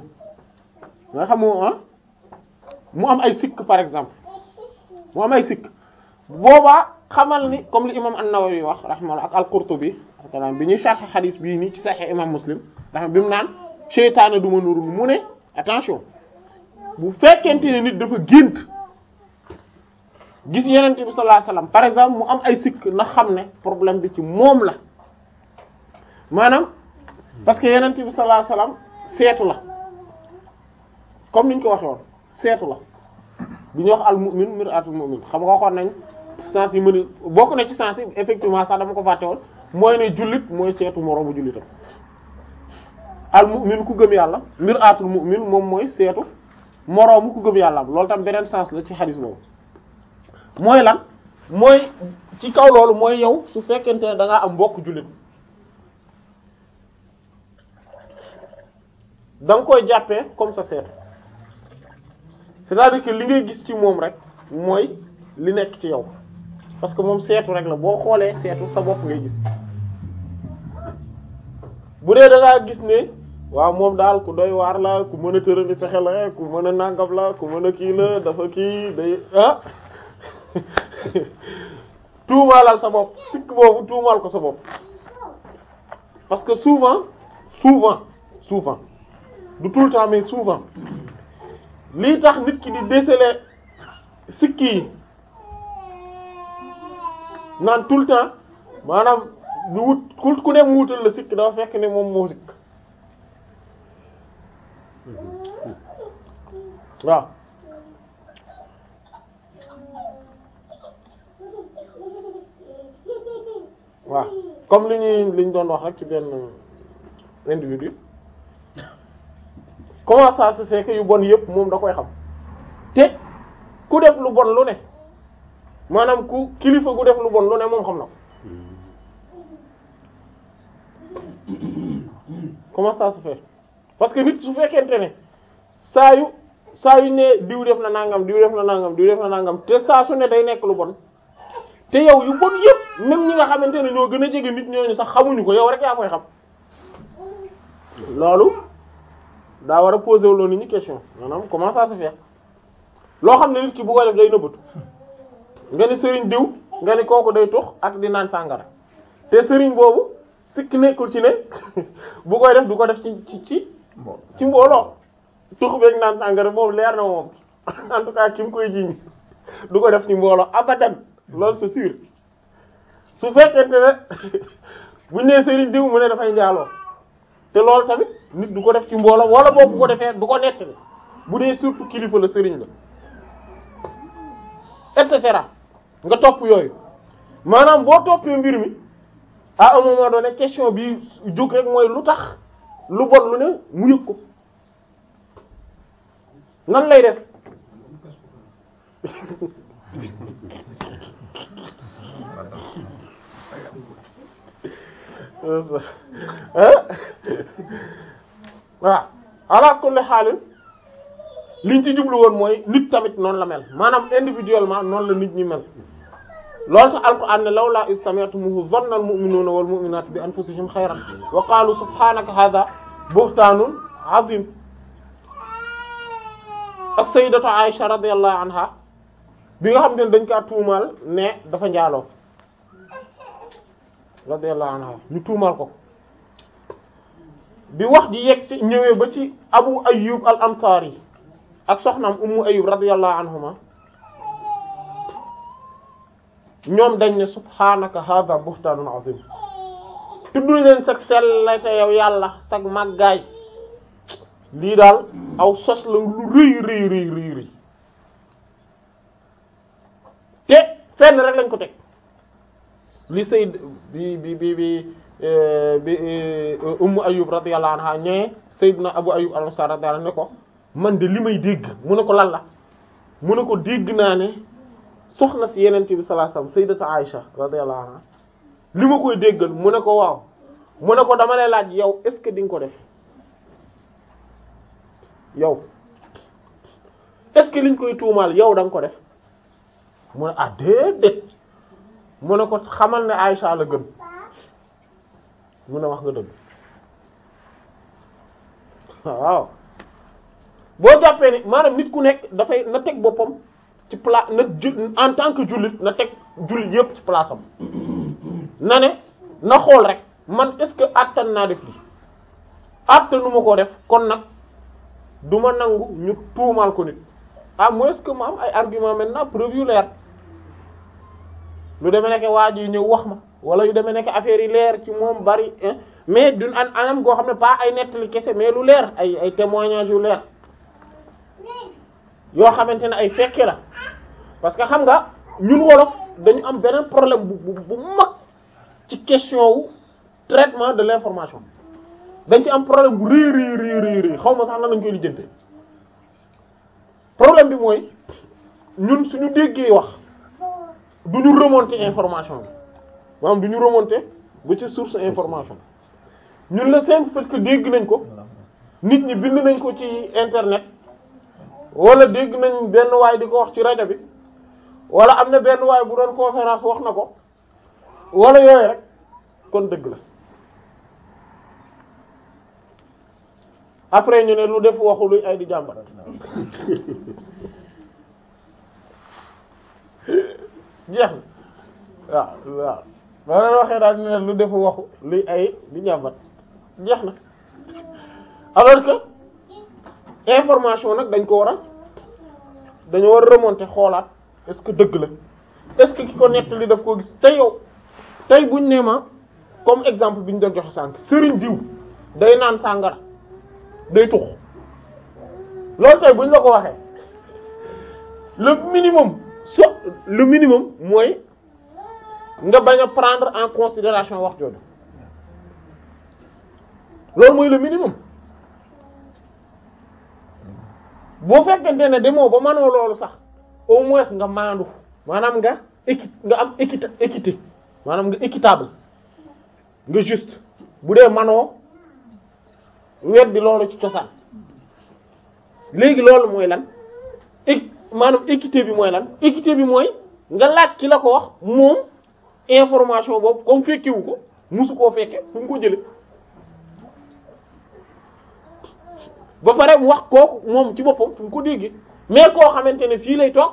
nga xamoo ah mu am ay sikk par exemple mu am ay sikk boobaa xamal ni comme li imam an-Nawawi wax rahmalahu ak al bi taala bi ñuy sharh xalis bii nii ci Sahih imam Muslim ndax bi mu naan seytaane du ma nurul mu ne attention bu fekkente ne nit dafa gént gis yenente bi sallallahu par exemple mu am ay sikk na xam ne problème bi ci moom la maanaam parce que yenente bi sallallahu alayhi wasallam seetu la comme niñ ko waxe woon seetu la bi ñu wax al mu'min mir'atul mu'min xam nga waxoon nañ sens yi mën a bokk na ci sens yi effectivement sax dama ko fàtte woon mooy ne jullit mooy seetu moroomu jullitam al mu'min ku gëm yàlla mbir aatul mu'min moom mooy seetu moroomu ku gëm yàlla loolu tam beneen sens la ci xadis boobu mooy lan mooy ci kaw loolu mooy yow su fekkente ne da am mbokk jullit da nga koy jàppee comme sa seetu c'est-à-dire que li ngay gis ci moom rek mooy li nekk ci yow parce que moom seetu rek la boo xoolee seetu sa bopp ngay gis bu dee da ngaa gis ne waaw moom daal ku doy waar la ku mën a tërali pexe la ku mën a nàngam la ku mën a kii la dafa kii day ah tuumaalal sa bopp sikk boobu tuumaal ko sa bopp parce que souvent souvent souvent du tout le temps mais souvent lii tax nit ki di déceler sikk naan tout le temps maanaam ñu wut ku ku ne mu wutal la sikk dafa fekk ne moom moo sikk waaw comme li ñuy li doon wax rek ci benn individu comment ça se fait yu bon yëpp moom da koy xam te ku def lu bon lu ne maanaam ku kilifa gu def lu bon lu ne moom xam na ko hmm. comment ça se parce que nit su fekkente ne saa yu saa yu ne diw def na nangam diw def na nangam diw def na nangam te saa su ne day nekk lu bon te yow yu bon yëpp même ñi nga xamante ne ñoo gën a jege nit ñooñu sax xamuñu ko yow rek yaa koy xam loolu daa war a poser wu loolu nit question maanaam comment ça se loo xam ne nit ki bu ko def day nëbbatu nga ni sëriñ diw nga ni kooku day tux ak di naan sàngara te sëriñ boobu sikki nekkul ci ne bu koy def du ko def ci ci ci ci mbooloo tuxu beeg naan sàngara moom leer na moom en tout cas ki mu koy jiñ du ko def ci mbooloo abadan loolu sa sûr su fekkente ne buñ nee sëriñ diw mu ne dafay njaaloo te loolu tamit nit du ko def ci mbooloo wala boobu bu ko defee du ko nett bu dee surtout kilifa la sëriñ la et cetera nga topp yooyu maanaam boo toppee mbir mi à un moment donné question bi jóg rek mooy lu tax lu bon lu ne mu yëg ko nan lay def waaw ala kulli xaalin liñ ci jublu woon mooy nit tamit noonu la mel maanaam individuellement noonu la nit ñi mel loolu tax alquran ne lawlaa iz sami'tumuuhu zanna al-mu'minuuna wal-mu'minaatu bi anfusihim xayran wa qaalu subhaanaka haadhaa buhtaanun aziim as-sayyidatu Aisha radiyallahu anha bi nga xam ne dañ kaa tuumaal ne dafa njaaloo radiyallahu anha ñu tuumaal ko bi wax ji yegg ci ba ci Abu Ayyub al-Ansaari ak soxnaam Ummu Ayyub radiyallahu anhuma ñoom dañ ne subhaanaka hadha buhtaanun azim tudd leen sag sell te yow yàlla sag màggaay lii daal aw sos la lu rëy rëy rëy rëy rëy te fenn rek lañ ko teg li say bi bi bi bi eh, bi eh, Ummu Ayyub radiyallahu anha ñee Sayyidna Abu Ayyub al-Ansari radiyallahu anhu ne ko man de li may dégg mu ne ko lan la mu ne ko dégg naa ne soxna si yeneen bi sallallahu alayhi wasallam sayyidatu Aisha radiyallahu anha li ma koy déggal mu ne ko waaw mu ne ko dama lay laaj yow est-ce que di ko def yow est-ce que liñ koy tuumaal yow da ko def mu ne ah déedéet mu ne ko xamal ne Aisha la gën mu ne wax nga dëgg waaw boo jàppee ni maanaam nit ku nekk dafay na teg boppam. ci place na en tant que jullit na teg jullit yépp ci place am na ne na xool rek man est-ce que attan naa def lii attanu ma koo def kon nag du ma nangu ñu tuumaal ko nit à moins que ma am ay argument maintenant preuve yu leer lu demee nekk waa ji ñëw wax ma wala yu demee nekk affaire yi leer ci moom bari mais d'une an anam goo xam ne pas ay nettali kese mais lu leer ay ay témoignages yu leer yoo xamante ne ay fekke la parce que xam nga ñun wolof dañu am beneen problème bu bu mag ci question wu traitement de l'information dañ ci am problème bu rëy rëy rëy rëy rëy xaw ma sax lan lañ koy lijjante problème bi mooy ñun suñu déggee wax du ñu remonter information bi maanaam du ñu remonter ba ci source information ñun le simple fait que dégg nañ ko nit ñi bind nañ ko ci internet wala dégg nañ benn waay di ko wax ci rajo bi wala am na benn waaye bu doon conférence wax na ko wala yooyu rek kon dëgg la après ñu ne lu def waxu luy ay di jàmbat jeex na waaw waaw daal ñu ne lu def waxu na alors information nag dañ ko war a dañu war a remonter xoolaat est-ce que dëgg la est-ce que ki ko nettali daf koo gis te yow tey buñ nee ma comme exemple bi ñu doon joxe sànq sëriñ diw day naan sàngara day tux loolu tey buñ la ko waxee le minimum so le minimum mooy nga bañ a prendre en considération wax jooju loolu mooy le minimum boo fekkente ne demoo ba mënoo loolu sax au moins nga maandu maanaam nga équi nga am équité équité maanaam nga équitable nga juste bu dee manoo weddi loolu ci cosaan léegi loolu mooy lan é maanaam équité bi mooy lan équité bi mooy nga laaj ki la ko wax moom information boobu comme fekkewu ko musu koo fekke fu ko jële ba pare mu wax kooku moom ci boppam fu ko déggee mais koo xamante ne fii lay toog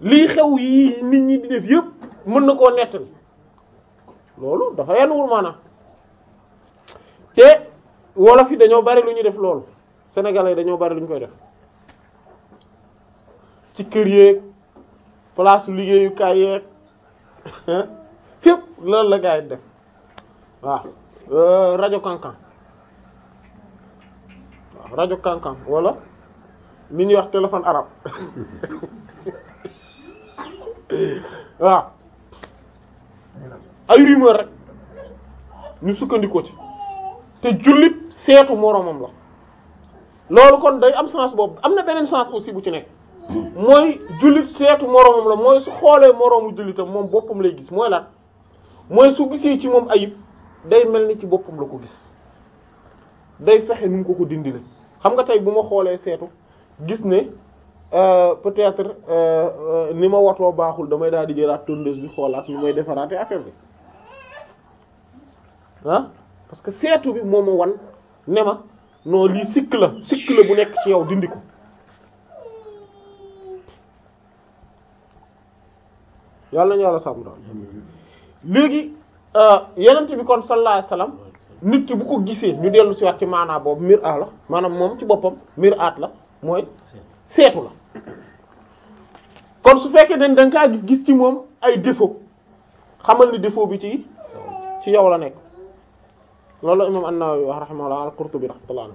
lii xew yi nit ñi di def yëpp mën na koo nettali loolu dafa yenn wul maanaam te wolof yi dañoo bari lu ñu def loolu senegal yi dañoo bari lu ñu koy def ci kër yeeg place liggéeyukaay yeeg fépp loolu la gaa yi def waaw euh, rajo kankan waaw rajo kankan wala li ñuy wax téléphone arabe waaw ay rumeur rek ñu sukkandikoo ci te jullit seetu moroomam la loolu kon day am sens boobu am na beneen sens aussi bu ci nekk mooy jullit seetu moroomam la mooy xoolee moroomu jullitam moom boppam lay gis mooy lan mooy su gisee ci moom ayib day mel ni ci boppam la ko gis day fexe nu mu ko ko dindi la xam nga tey bu ma xoolee seetu gis ne euh, peut-être euh, euh, ni ma watoo baaxul damay daal di jëlaat tondeuse bi xoolaat nu may defaraate affaire bi ah parce que seetu bi moom ma wan ne ma non lii sikk la sikk la bu nekk ci yow dindi ko yàlla ñu yàlla sàmm daal léegi yenent bi kon sallallahu alayhi nit ki bu ko gisee ñu dellu ci waat ci maanaa boobu mir ah la maanaam moom ci boppam mir aat la mooy seetu la kon su fekkee dañ da kaa gis ci moom ay défaut xamal ni défaut bi ci ci yow la nekk loolu imam an-Nawawi wax rahimahullah al-Qurtubi rahmatullah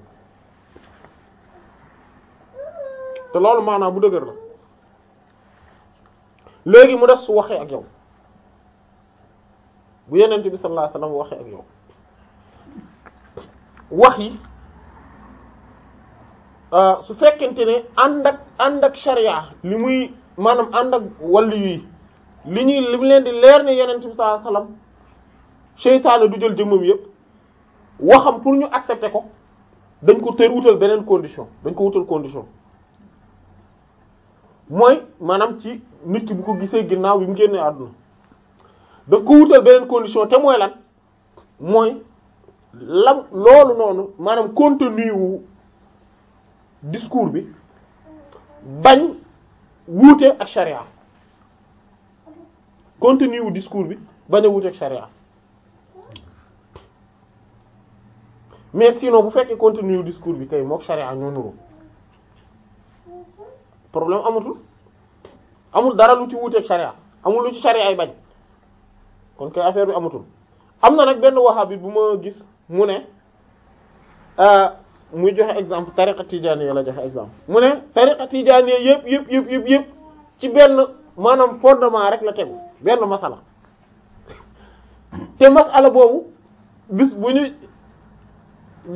te loolu maanaam bu dëgër la léegi mu def su waxee ak yow bu yenent bi sallallahu alayhi wasallam waxee ak yow wax yi Euh, su fekkente ne ànd ak ànd ak sharia li muy maanaam ànd ak wàllu yi li ñuy li mu leen di leer ne yeneen bi sallallahu alayhi du jël jëmmam yëpp waxam pour ñu accepter ko dañ ko tër wutal beneen condition dañ ko wutal condition mooy maanaam ci nit ki ko gisee ginnaaw bi mu génnee àdduna dañ ko wutal beneen condition te mooy lan mooy lam loolu noonu maanaam contenu wu discours bi bañ wuute ak charia contenu wu discours bi bañ a wuute ak charia mais sinon bu fekkee contenu wu discours bi kay mook charia ñoo nuru problème amatul amul dara lu ci wuute ak charia amul lu ci charia ay bañ kon kay affaire bi amatul am na nag benn wahabi bu ma gis mu ne. Euh, muy joxe exemple tariqa tijaaniya la joxe exemple mu ne tariqa tijaaniya yëpp yëpp yëpp yëpp yëpp ci benn maanaam fondement rek la tegu benn masala te masala boobu gis bu ñu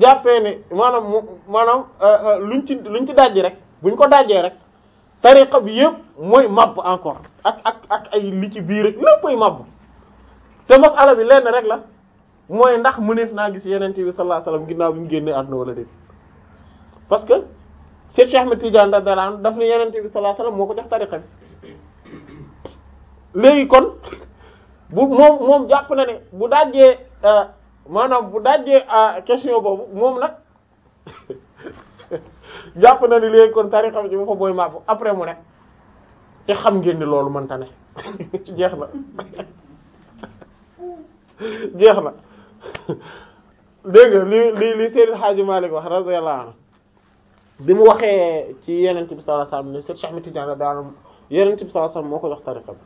jàppee ne maanaam mu maanaam euh, euh, luñ ci luñ ci dajji rek buñ ko dajjee rek tariqa bi yëpp mooy màbb encore ak ak ak ay li ci biir rek lépp mooy màbb te masala bi lenn rek la mooy ndax mëneef naa gis yeneen bi sallallahu alayhi wasallam ginnaaw bi mu génnee àdduna wala déet parce que Seex Ahmed Tidiane radiyallahu anhu daf ne Yonent bi sallallahu alayhi wasallam moo ko jox tariqa bi léegi kon bu moom moom jàpp na ne bu dajjee euh, maanaam bu dajjee euh, question boobu moom nag jàpp na ne léegi kon tariqa bi ci ba fa booy màpp après mu ne te xam ngeen ni loolu mënta ne jeex na jeex na dégg nga li li li Seydil Hadji Malick wax radiyallahu anhu bi mu waxee ci yeneen bi sallallahu alayhi wasallam ne Seex Ahmed Tidiane daana yeneen bi sallallahu moo ko jox tariqa bi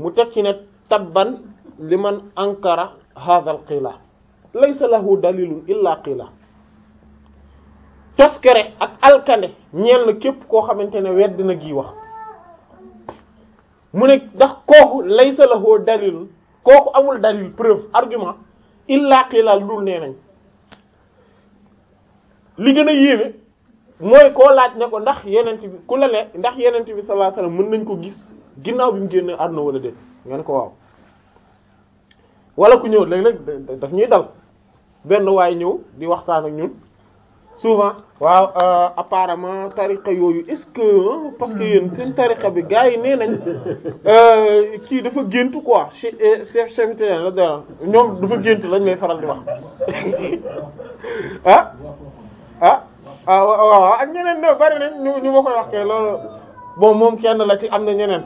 mu teg ci ne tabban li man hadha al qila laysa lahu dalilun illa qila toskere ak alkande ñeen na képp koo xamante ne wedd na gi wax mu ne ndax kooku laysa lahu dalilun kooku amul dalil preuve argument illa qila lu dul nee nañ li gën a yéeme mooy koo laaj ne ko ndax yenent bi ku la ne ndax yenent bi sallallahu alayhi mën nañ ko gis ginnaaw bi mu génn na wala déet nga ne ko waaw wala ku ñëw léeg-léeg daf ñuy dal benn waay ñëw di waxtaan ak ñun souvent waaw euh, apparemment tariqa yooyu est-ce que parce que yéen seen tariqa bi gars yi nee nañ euh, kii dafa gént quoi euh, chef chef la dara ñoom dafa gént lañ lay faral di wax ah, ah? ah waaw ak ñeneen ñoom bari ni ñu ñu ma koy wax kay loolu bon moom kenn la ci am na ñeneen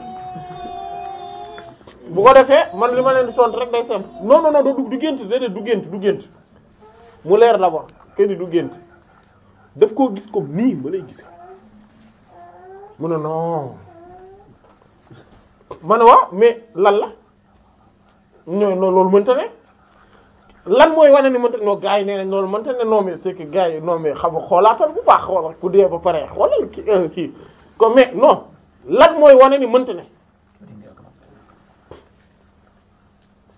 bu ko defee man li ma leen di tontu rek day sem non non non du du gént déedéet du gént du gént mu leer d'abord kenn du gént daf koo gis comme nii ma ne gis ma ne non man waa mais lan la non non loolu mënta ne. lan mooy wane ni mënta non gars yi nee nañ loolu mënta ne non mais c'est que gars yi non mais xam xoolaatal bu baax xoolal ku dee ba pare xoolal ki euh, kii comme mais non lan mooy wane ni mënta ne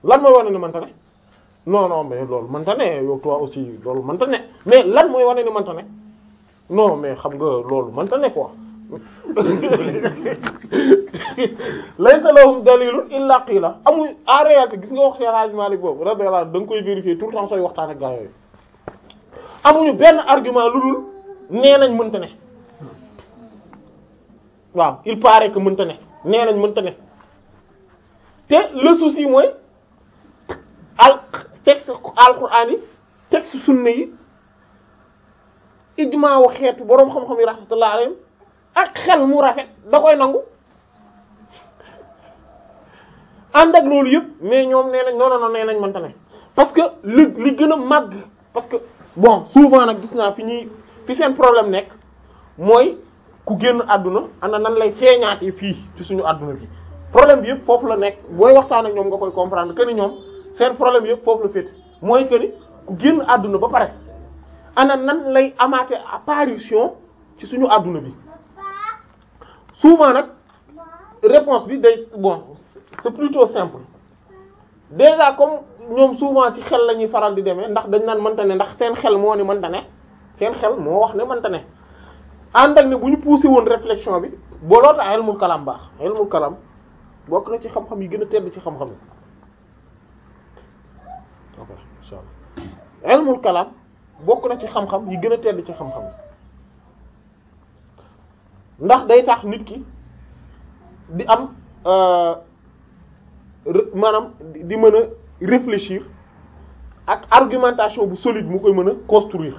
lan mooy wane ni mënta ne non non mais loolu mënta ne yow toi aussi loolu mënta ne mais lan mooy wane ni mënta ne non mais xam nga loolu mënta ne quoi laysa lahum dalilun illa qila amul en réalité gis nga wax Cheikh Hadji Malick boobu radiyallahu da nga koy vérifier tout le temps sooy waxtaan ak gaa yooyu amuñu benn argument lu dul nee nañ mënta ne waaw il paraît que mënta ne nee nañ mënta ne te le souci mooy al texte alquran yi texte sunna yi ijmaa wa xeetu boroom xam-xam yi rahmatullah alayhim ak xel mu rafet da koy nangu ànd ak loolu yëpp mais ñoom nee nañ non non nee nañ mënta ne parce que li li gën a màgg parce que bon souvent nag gis naa fi ñuy fi seen problème nekk mooy ku génn àdduna ana nan lay feeñaatee fii ci suñu àdduna bi problème bi yëpp foofu la nekk booy waxtaan ak ñoom nga koy comprendre que ni ñoom seen problème yëpp foofu la féete mooy que ku génn àdduna ba pare ana nan lay amaate apparition ci suñu àdduna bi souvent nag réponse bi day bon c'est plutôt simple déjà comme ñoom souvent ci xel la ñuy faral di demee ndax dañ naan mënta ne ndax seen xel moo ni mënta ne seen xel moo wax ne mënta ne ànd ak ne bu ñu poussé woon réflexion bi boo loo tax ilmul kalam baax ilmul kalam bokk na ci xam-xam yi gën a tedd ci xam-xam yi ok na ci xam-xam yi gën a tedd ci xam-xam ndax day tax nit ki di am euh, maanaam di mën a réfléchir ak argumentation bu solide mu koy mën a construire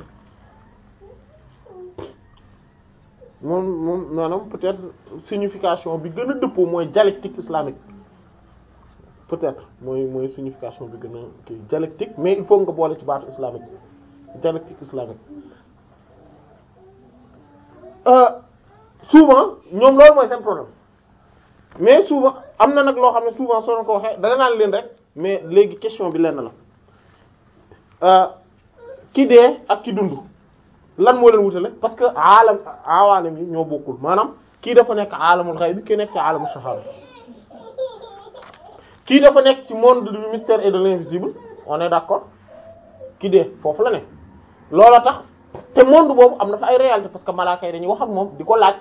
moom moom maanaam peut-être signification bi gën a dëppoo mooy dialectique islamique peut-être mooy mooy signification bi gën a kii dialectique mais il faut nga boole ci baatu islamique dialectique islamique. Euh, souvent ñoom loolu mooy seen problème mais souvent am na nag loo xam ne souvent soo leen ko waxee danga naan leen rek mais léegi question bi lenn la euh, kii dee ak ki dund lan moo leen wutale parce que aalam awaalam yi ñoo bokkul maanaam kii dafa nekk aalamul xayb bi kii nekk ci aalamul shahada kii dafa nekk ci monde du mystère et de l'invisible on est d'accord kii dee foofu la ne loola tax te monde boobu am na fa ay réalité parce que malaaka yi dañuy wax ak moom di ko laaj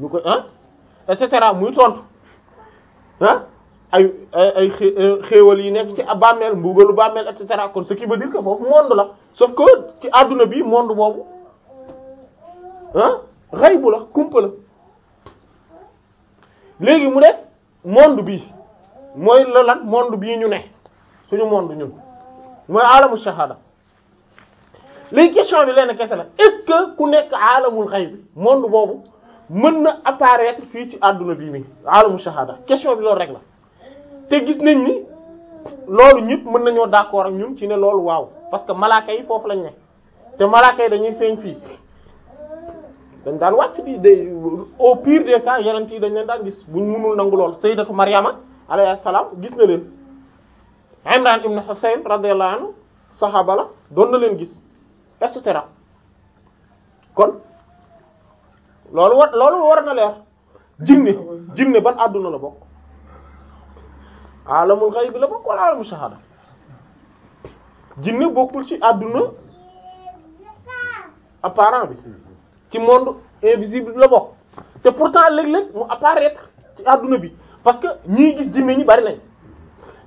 ñu koy ah et cetera muy tontu ah ay ay euh, xéewal yi nekk ci bàmmeel mbugalu bàmmeel et cetera kon ce ki ba dire que foofu la sauf ko ci àdduna bi monde boobu ah xaybu la kumpa la léegi mu des monde bi mooy la lan monde bii ñu ne suñu monde ñun mooy alamu shahada léegi question bi leen kese la est-ce que ku nekk alamul xayb monde boobu mën na apparaître fii ci àdduna bii mi alamu shahada question bi loolu rek la te gis nañ ni loolu ñëpp mën nañoo d'accord ak ñun ci ne loolu waaw parce que malaaka yi foofu lañ ne te malaaka yi dañuy feeñ fii dañ daan wàcc bi day au pire des cas yeneen yi dañ leen daan gis buñ mënul nangu lool sayyidatu Maryama alayhi salaam gis na leen Imran ibn Husayn radiyallahu anhu saxaaba la doon na leen gis et cetera kon loolu war loolu war na leer jinne jinne ban àdduna la bokk alamul xayb la bokk wala alamul shahada jinne bokkul ci àdduna apparent bi ci monde invisible la bokk te pourtant léeg-léeg mu apparaître ci àdduna bi parce que ñii gis jinne ñi bari nañ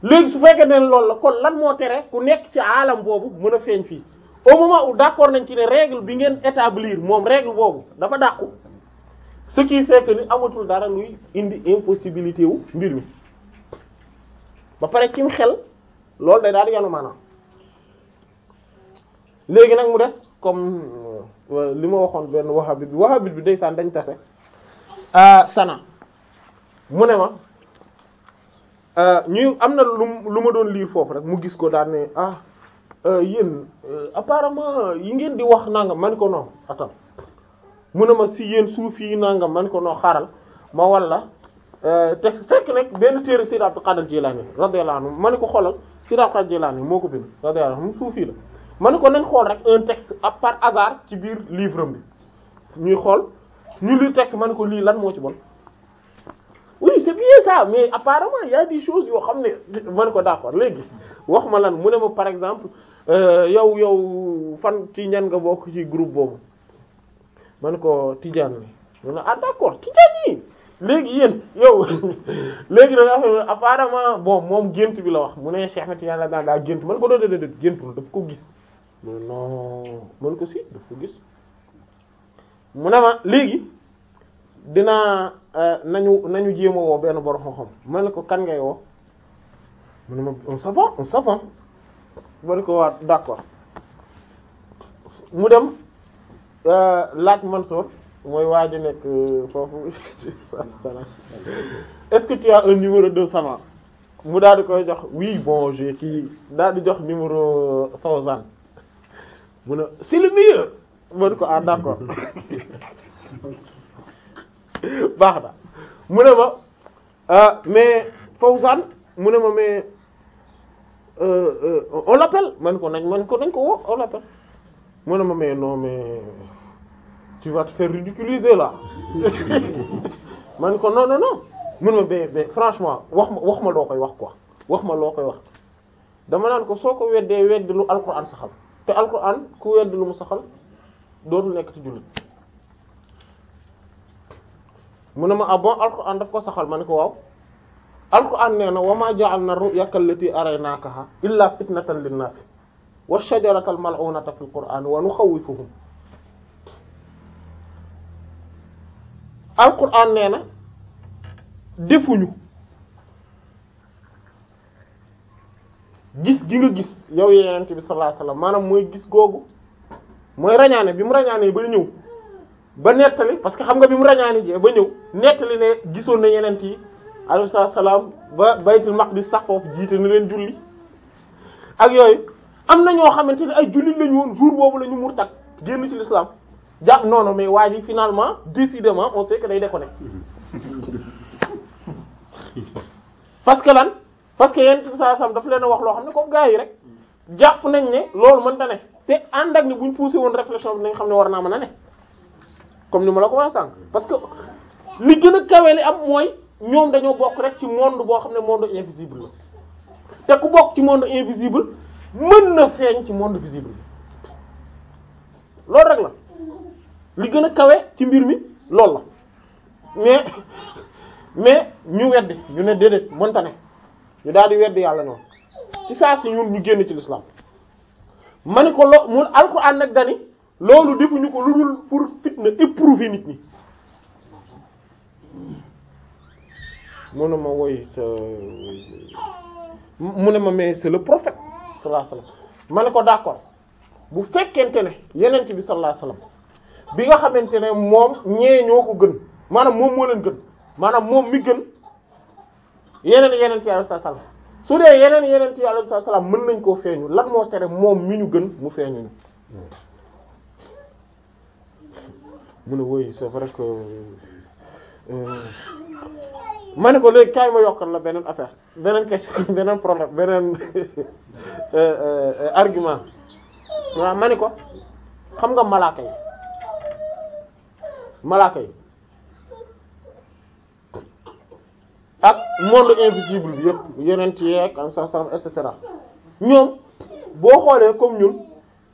léegi su fekkee nen loolu la kon lan moo tere ku nekk ci alam boobu mën a feeñ fii au moment où d'accord nañ ci ne règle bi ngeen établir moom règle boobu dafa dàqu su qui fekk ni amatul dara luy indi impossibilité wu mbir mi ba pare cim xel loolu day daal yanu maanaam léegi nag mu des comme euh, euh, li ma waxoon benn wahabit bi wahabit bi day saan dañ tase euh, sana mu ne ma ñu am na lu ma doon liir foofu rek mu gis ko daal ne ah yéen apparemment yi ngeen di wax nanga man ko non mu ne ma si yéen suuf yi nangam man ko noo xaaral ma walla euh, te fekk nag benn téere Sayyid Abdul Qadir Jilani radiyallahu anhu ma ne ko xoolal Sayyid Abdul Qadir Jilani moo ko bind radiyallahu anhu suufi la ma ne ko nañ xool rek un texte à par hasard ci biir livre bi ñuy xool ñu li texte ma ne ko lii lan moo ci bon oui c'est bien ça mais apparemment y a des choses yoo xam ne ma ne ko d'accord léegi wax ma lan mu ne ma par exemple euh, yow yow fan ci ñan nga bokk ci groupe boobu ma ne ko Tijaan yi mu ne ah d'accord Tijaan léegi yéen yow léegi da nga xam apparemment bon moom gént bi la wax mu ne Cheikh Tijaan la daa daa gént ma ko doon déedéet géntul daf ko gis mu non ma ne ko si daf gis mu ne ma léegi dina euh, nañu nañu jéem a woo benn borom xam ma ne ko kan ngay woo mu ne ma un savant un savant ma ne ko waa mu dem. Euh, laaj Mansour mooy waa ji nekk euh, foofu est-ce que tu as un numéro de Sama mu daal di koy jox oui bon j'ai kii daal di jox numéro Fawzan euh, mu ne c'est le meilleur ma ne ko ah d'accord baax na mu ne ma mais Fawzan mu ne ma mais on l'appelle man ko nañ man ko nañ ko woo on l'appelle mu ne ma mais non mais tu vas te faire ridiculiser là man ko non non non ma ba franchement wax ma wax ma loo koy wax ko wax ma loo koy wax dama naan ko soo ko weddee wedd lu alquran saxal te alquran ku wedd lu mu saxal dootul nekk ci jullit mu ne ma ah bon alquran daf ko saxal ma ne ko waaw alquran nee na wa ma ja'alna ru'yaka allati araynakaha illa fitnatan lin nas wa shajarata al mal'unata fi l qur'an wa nuxawifuhum al qur'an nee na defuñu gis gi nga gis yow yenente bi sallallahu alayhi wasallam maanaam mooy gis googu mooy rañaane bi mu rañaane ba ñëw ba nettali parce que xam nga bi mu rañaane jee ba ñëw nettali ne gisoon na yenent yi alayhi salaam ba baytul maqdis sax foofu jiite na leen julli ak yooyu am na ñoo xamante ne ay jullit lañu woon jour boobu la ñu murtat génn ci l'islam jàpp non non mais waa ji finalement décidément on sait que day déconné parce que lan parce que yenn saa sam daf leen a wax loo xam ne comme gaa yi rek jàpp nañ ne loolu mënta ne te ànd ak ni buñ poussé woon réflexion bi nañ xam ne war naa mën a ne comme ni ma la ko wax sànq parce que li gën a kawe li am mooy ñoom dañoo bokk rek ci monde boo xam ne monde invisible la te ku bokk ci monde invisible mën na feeñ ci monde visible bi loolu rek la li gën a kawe ci mbir mi loolu la mais mais ñu weddi ñu ne déedéet mënta ne ñu daal di weddi yàlla ñoom ci saa si ñun ñu génn ci l'islam ma ni ko loo mun alxuraan nag dani loolu defuñu ko lu dul pour fitna éprouver nit ñi mu ne ma woy sa mu ne ma mais c'est le prophète sallallahu alayhi ne ko d'accord bu fekkente ne yenent bi sallallahu alayhi bi nga xamante ne moom ñee ñoo ko gën maanaam moom moo leen gën maanaam moom mi gën yeneen yenent yàlla sallallahu alayhi wasallam su dee yeneen yenent yàlla sallallahu alayhi wasallam mën nañ koo feeñu lan moo tere moom mu ñu gën mu feeñuñu mu ne oui c'est vrai que euh, ma ne ko léegi kaay ma yokkal la beneen affaire beneen question beneen problème beneen euh, euh, argument waaw ma ne ko xam nga malaaka yi malaaka yi ak monde invisible bi yëpp yonent yeeg am sa et cetera ñoom boo xoolee comme ñun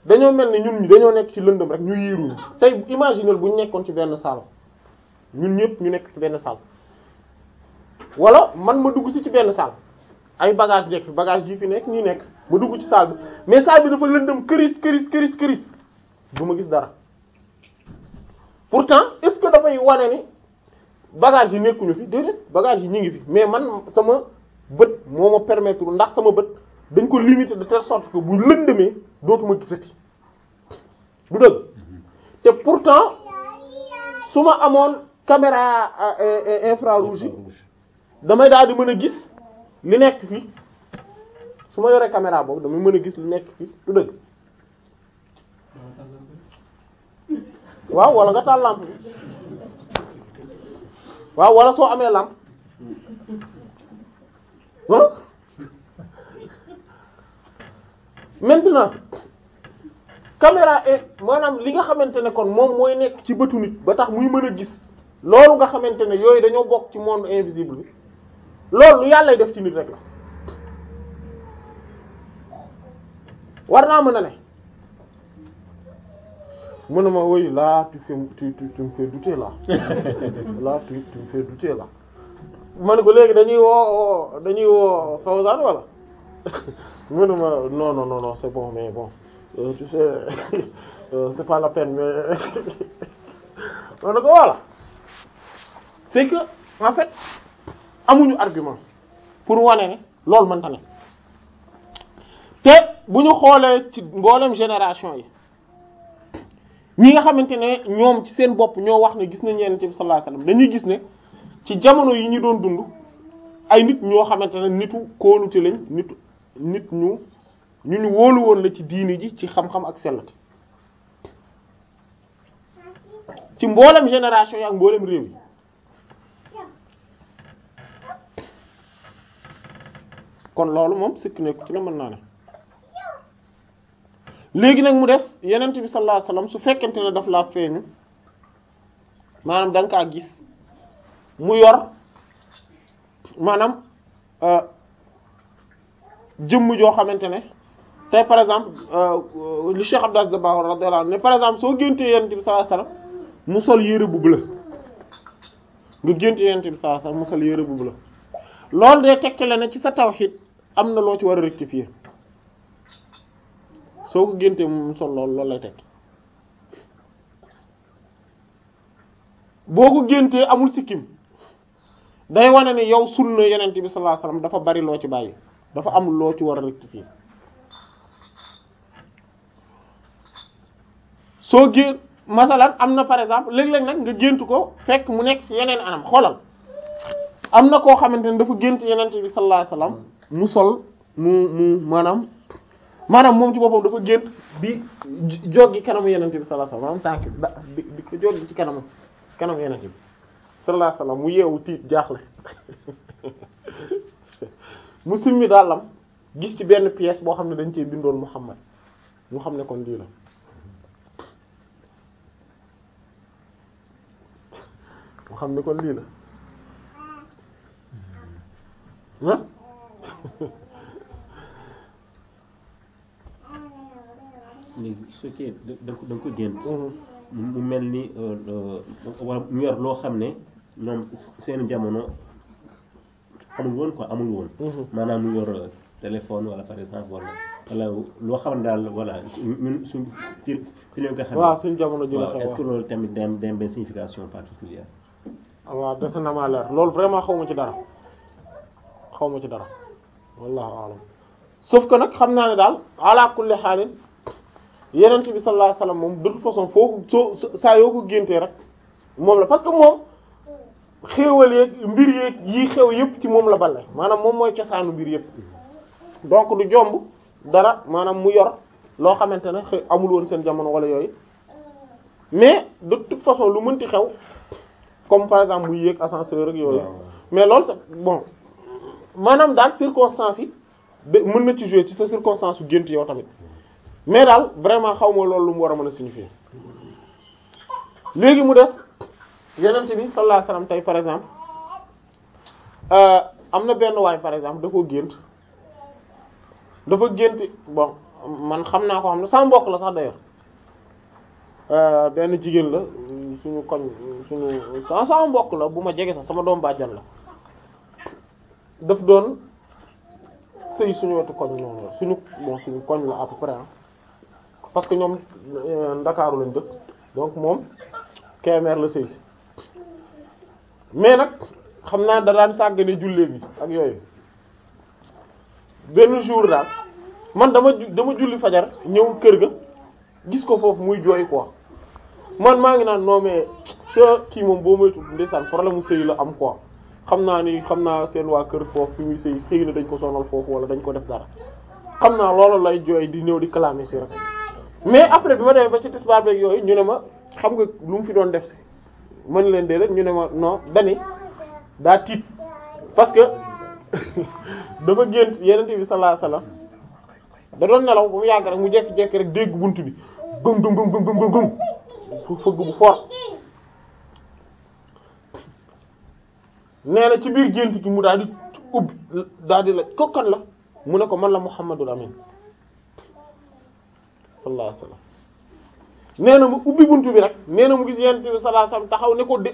dañoo mel ni ñun dañoo nekk ci lëndëm rek ñu yiiruñu tey imaginer bu ñu nekkoon ci benn salle ñun ñëpp ñu nekk ci benn salle wala man ma dugg si ci benn salle ay bagage nekk fi bagage yi fi nekk ñii nekk ma dugg ci saal bi mais salle bi dafa lëndëm këris këris këris këris du ma gis dara pourtant est ce que dafay wane ni bagage yi nekkuñu fi déedéet bagage yi ñu ngi fi mais man sama bët moo ma permettre ndax sama bët dañ ko limiter de telle sorte que bu lëndëmee dootuma gisati du dëgg mhm. te pourtant su ma amoon caméra euh, euh, euh, infrarouge damay daal di mën a gis li nekk fii su ma yore caméra boobu damay mën a gis li nekk fii du dëgg waaw wala nga taal lampe bi waaw wala soo amee lampe ah maintenant caméra et maanaam li nga xamante ne kon moom mooy nekk ci bëtu nit ba tax muy mën a gis loolu nga xamante ne yooyu dañoo bokk ci monde invisible bi loolu lu yàllay def ci nit rek la war naa mën a ne mu ne ma woy là tu fais tu tu tu me fais douter là là tu tu me fais douter là ma ne ko léegi dañuy woo dañuy woo Fawzan wala mu ma non non non bon mais euh, tu sais euh, c'est pas la peine mais ma ne ko voilà c'est amuñu argument pour wane ne loolu mënta ne te bu ñu xoolee ci mboolem génération yi ñi nga xamante ne ñoom ci seen bopp ñoo wax ne gis nañ Yonent bi sallallahu alayhi dañuy gis ne ci jamono yi ñu doon dund ay nit ñoo xamante ne nitu kóolute lañ nitu nit ñu ñu ñu wóolu woon la ci diini ji ci xam-xam ak sellati ci mboolem génération yi ak mboolem réew yi kon loolu moom sikk nekk ci la mën naa ne léegi nag mu def yenent bi sallallahu alayhi su fekkente ne daf laa feeñu maanaam da nga kaa gis mu yor maanaam euh, jëmm joo xamante ne te par exemple euh, li Cheikh Abdas Dabakh radiyallahu anhu ne par exemple soo géntee yenent bi sallallahu alayhi mu sol yére bu bleu nga gént yenent bi sallallahu alayhi mu sol yére bu bleu loolu de tekkale na ci sa tawhid am na loo ci war a rectifier soo ko géntee moom sol lool loolu lay tekki boo ko géntee amul sikkim day wane ne yow sunna yenent bi sallallahu alayhi dafa bari loo ci bàyyi dafa amul loo ci war a rectifier soo gén masalan am na par exemple léeg-léeg nag nga gént ko fekk mu nekk yeneen anam xoolal am na koo xamante ne dafa gént yenent bi sallallahu alayhi mu sol mu mu maanaam maanaam moom ci boppam dafa gént di joggi kanamu yenente bi sallallahu alayhi wasallam maanaam tànk da di di ko joggi ci kanamu kanamu yenente bi sallallahu alayhi mu yeewu tiit jaaxle mu simmi dàllam gis ci benn pièce boo xam ne dañ cee bindoon Muhammad mu xam ne kon lii la mu xam ne kon lii la ah léegi su fekkee da nga ko génn. Mm-hmm. mu mel ni euh, euh, wala mu yor loo xam ne ñoom seen jamono amul woon quoi amul woon. Mm-hmm. maanaam mu yor euh, téléphone wala par exemple wala wala loo xam ne daal voilà ñun suñ fi fi ñu ko xam. waaw suñ jamono ji nga xam est-ce que loolu tamit day am day am benn signification particulière. waaw des na maa leer loolu vraiment xaw ma ci dara xaw ma ci dara. wallahu alam sauf que nag xam naa ne daal ala kulli xaalin yenent bi sallallahu alayhi wasallam moom de toute façon foo soo saa yoo ko géntee rek moom la parce que moom xéewal mbir yeeg yi xew yépp ci moom la bale maanaam moom mooy cosaanu mbir yépp donc du jomb dara maanaam mu yor loo xamante ne xëy amul woon seen jamono wala yooyu mais de toute façon lu mënti xew comme par exemple muy yéeg ascenseur ak yooyu mais lool sax bon maanaam daal circonstances yi de mën na ci ci sa circonstance su gént yow tamit mais daal vraiment xaw ma loolu lu mu war a mën a signifier léegi mu des yonent bi sallallahu alayhi wasallam tey par exemple euh, am na benn waay par exemple dafa gént dafa gént bon man xam naa ko xam ne sama mbokk la sax d'ailleurs euh, benn jigéen la suñu koñ suñu sama mbokk la bu ma jege sax sama doomu bàjjan la daf doon sëy suñu wetu koñ noonu la suñu bon suñu koñ la à peu ah. parce que ñoom euh, ndakaaru lañ dëkk donc moom Kemer la sëy si mais nag xam naa da daan sàggane jullee bi ak yooyu benn jour daal man dama dama julli fajar ñëw kër ga gis ko foofu muy jooy ko man maa ngi naan non mais kii moom boo moytu ndeysaan problème mu sëy la am quoi xam naa ni xam naa seen waa kër foofu fi muy sëy xëy na dañ ko sonal foofu wala dañ ko def dara xam naa loolu lay jooy di ñëw di clamer ci rek mais après bi ma demee ba ci tisbaar beeg yooyu ñu ne ma xam nga lu mu fi doon def ci mën leen dee rek ñu ne ma non dani daa tiit parce que dafa gént yeneen bi sallallahu alayhi da doon nelaw ba mu yàgg rek mu jekki-jekki rek dégg bunt bi gëm gëm gëm gëm gëm fëgg bu fort nee na ci biir gént gi mu daal di ubbi daal la kokkan la mu ne ko man la Muhammadul Amin sallallahu alayhi na mu ubbi buntu bi rek nee na mu gis yonent bi taxaw ne ko de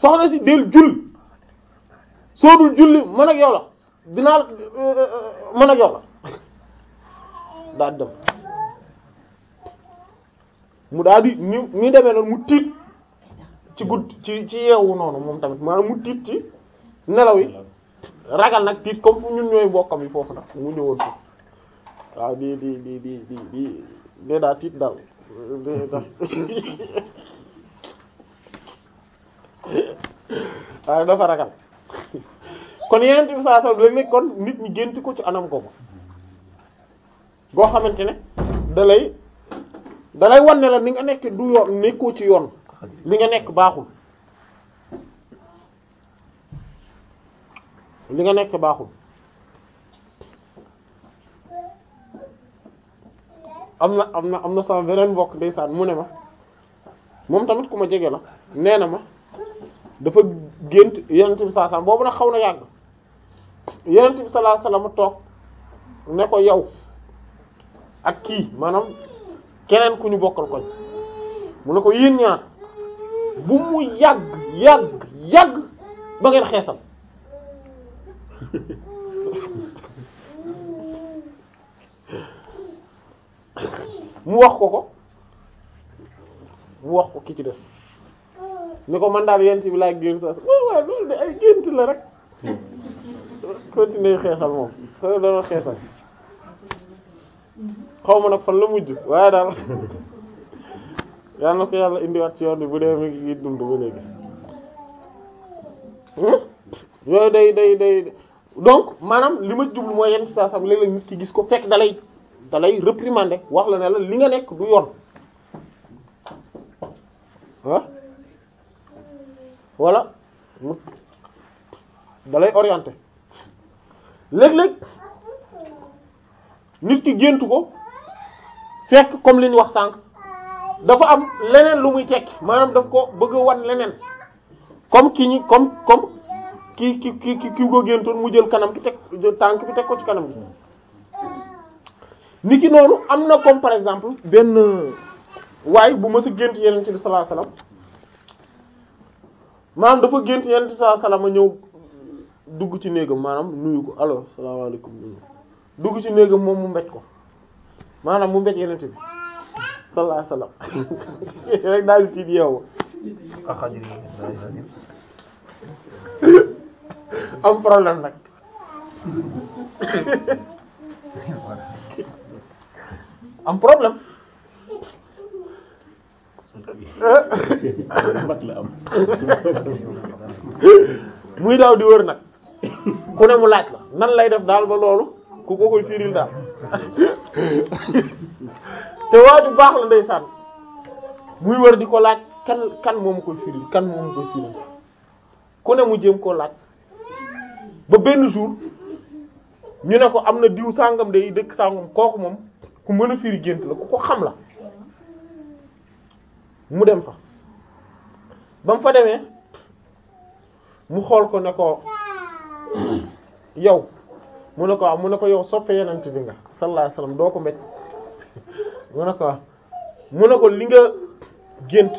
soxna si del jull soo dul julli man ak yow la dinaa euh, man ak yow la daal dem mu daal di ni muy demee noonu mu tiit ci gudd ci ci yeewu noonu moom tamit maanaam mu tiit ci nelaw yi ragal nag tiit comme ñun ñooy mbokkam yi foofu nag mu ñëwoon foofu waaw di di di di di di daa tiit dal waaw dafa ragal kon yeneen bi saa sal léeg-léeg kon nit ñi gént ko ci anam ko ko goo xamante ne da lay da lay wan ne la ni nga nekk du yoon nekkoo ci yoon li nga nekk baaxul li nga nekk baaxul am na am na am na sama beneen mbokk ndeysaan mu ne ma moom tamit ku ma jege la nee na ma dafa gént yonent bi saa saam boobu nag xaw na yàgg yonent bi sallallahu alayhi wasallam toog ne ko yow ak kii maanaam keneen ku ñu bokkal koñ mu ne ko yéen ñaar bu mu yàgg yàgg yàgg ba ngeen xeesal mu wax ko ko mu wax ko ki ci des ni ko man daal yent bi laa génn saa waaw waaw loolu de ay gént la rek continuer xeexal moom soo doon xeexal xaw ma nag fan la mujj waaye daal yàlla na ko yàlla indiwaat ci yoon bi bu dee mi ngi dund ba léegi hmm? yooyu day day day donc maanaam li ma jublu mooy yenn saa sam léeg-léeg nit ki gis ko fekk dalay dalay réprimander wax la ne la li nga nekk du yoon ah voilà dalay orienté léeg-léeg nit ki géntu ko fekk comme li ñu wax sànq dafa am leneen lu muy tekki maanaam daf ko bëgg a wan leneen comme ki ñi comme comme ki ki ki ki ki ko géntoon mu jël kanam ki teg tànk bi teg ko ci kanam bi niki noonu am na kom par exemple benn waaye bu ma a gént yeneen ci bi sallallahu alayhi wasallam maanaam dafa gént yeneen ci sallallahu alayhi wasallam ñëw dugg ci néegam maanaam nuyu ko allo salaamaaleykum dugg ci néegam moom mu mbéj ko maanaam mu mbéj yeneen bi sallallahu alayhi rek daal di tiit yeewu am problème nag am problème muy daaw di wër nag ku ne mu laaj la nan lay def daal ba loolu ku ko koy firil daal te waaju baax la ndeysaan muy wër di ko laaj kan kan moomu koy firil kan moomu koy firil ku ne mu jéem koo laaj ba benn jour ñu ne ko am na diw sàngam day dëkk sàngam kooku moom ku mën a fiir gént la ku ko xam la mu dem fa ba mu fa demee mu xool ko ne ko yow mu ne ko am mu ne ko yow soppe yenent bi nga sallallahu alayhi wasallam doo ko mbéj mu ne ko waaw mu ne ko li nga gént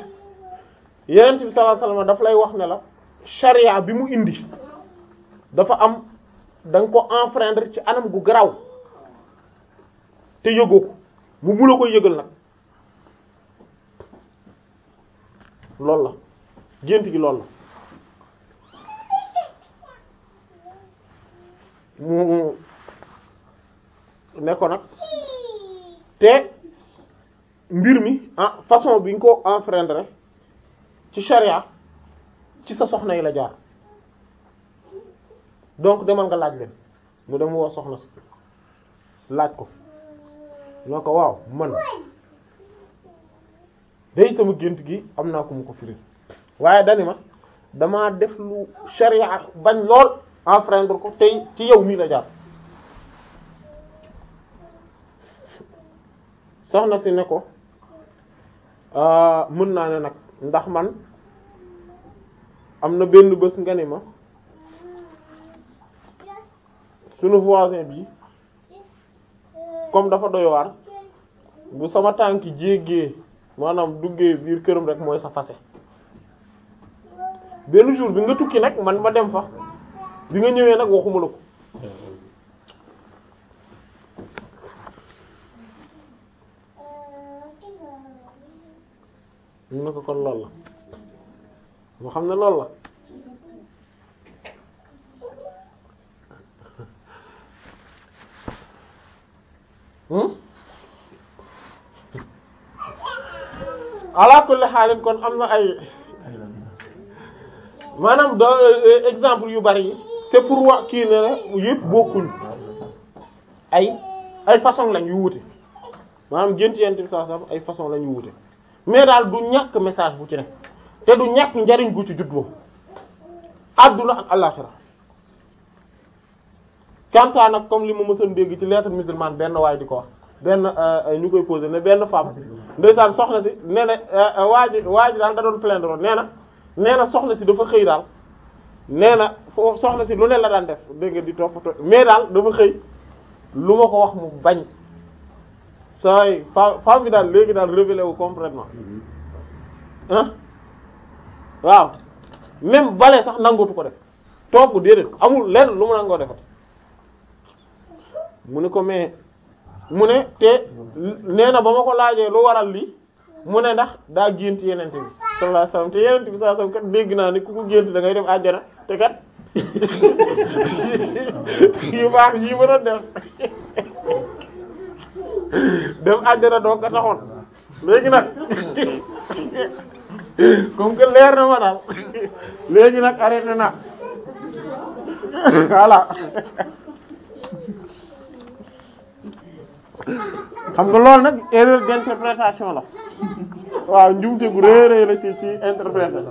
yenent bi sallallahu alayhi daf lay wax ne la charia bi mu indi dafa am da nga ko enfreindre ci anam gu garaw te yëgoo mu mu la koy yëgal nag loolu la gént gi loolu la mu ne ko nag te mbir mi ah façon bi nga ko enfreindre ci charia ci sa soxna yi la jaar donc demal nga laaj leen mu dem woo soxna si laaj ko noo ko waaw man day sama gént gi am naa ko mu ko firi waaye dani ma damaa def lu sharia bañ lool enfreindre ko tey ci yow mii la jaar soxna si ne ko ah, mën naa ne nag ndax man am na benn bés nga ni ma sunu voisin bi comme dafa doy waar bu sama tànk jéggee maanaam duggee biir këram rek mooy sa fase benn jour bi nga tukki nag man ma dem fa bi nga ñëwee nag waxuma la ko mun na ko kon lool la mu xam ne lool la Hmm? ala kulli xaalin kon am na ay maanaam do eh, exemple yu bari yi te pour wax kii ne la yëpp bokkuñ ay ay façon lañ yu wuute maanaam gént yent bi saa ay façon lañ yu wuute mais daal du ñàkk message bu ci ne te du ñàkk njariñ gu ci juddoo adduna ak àllaxira kantaan nag comme li ma mësan dégg ci lettre musulmane benn waay di ko wax benn euh, ñu koy posé ne benn femme ndeysaan soxna si nee na euh, euh, waa ji waa ji daal da doon plaindre nee na nee na soxna si dafa xëy daal nee na foofu soxna si lu ne la daan def dégg nga di toppatoo mais daal dafa xëy lu ma ko wax mu bañ sooy femme bi daal léegi daal révélé wu complètement ah waaw même bale sax nangutu ko def toog déedéet amul lenn lu mu nangoo defat mu ne ko mais mu ne te nee ba ma ko laajee lu waral lii mu ne ndax daa gént yenente bi sallallahu alayhi wasallam te yenente bi sallallahu kat dégg naa ni ku ko gént da ngay dem àjjana te kat yu baax yi mën a def dem àjjana doo ko taxoon léegi nag comme que leer na ma daal léegi nag arrêté na voilà xam nga loolu nag erreur d'interprétation la waaw njuumte gu rëy rëy ci ci interpréter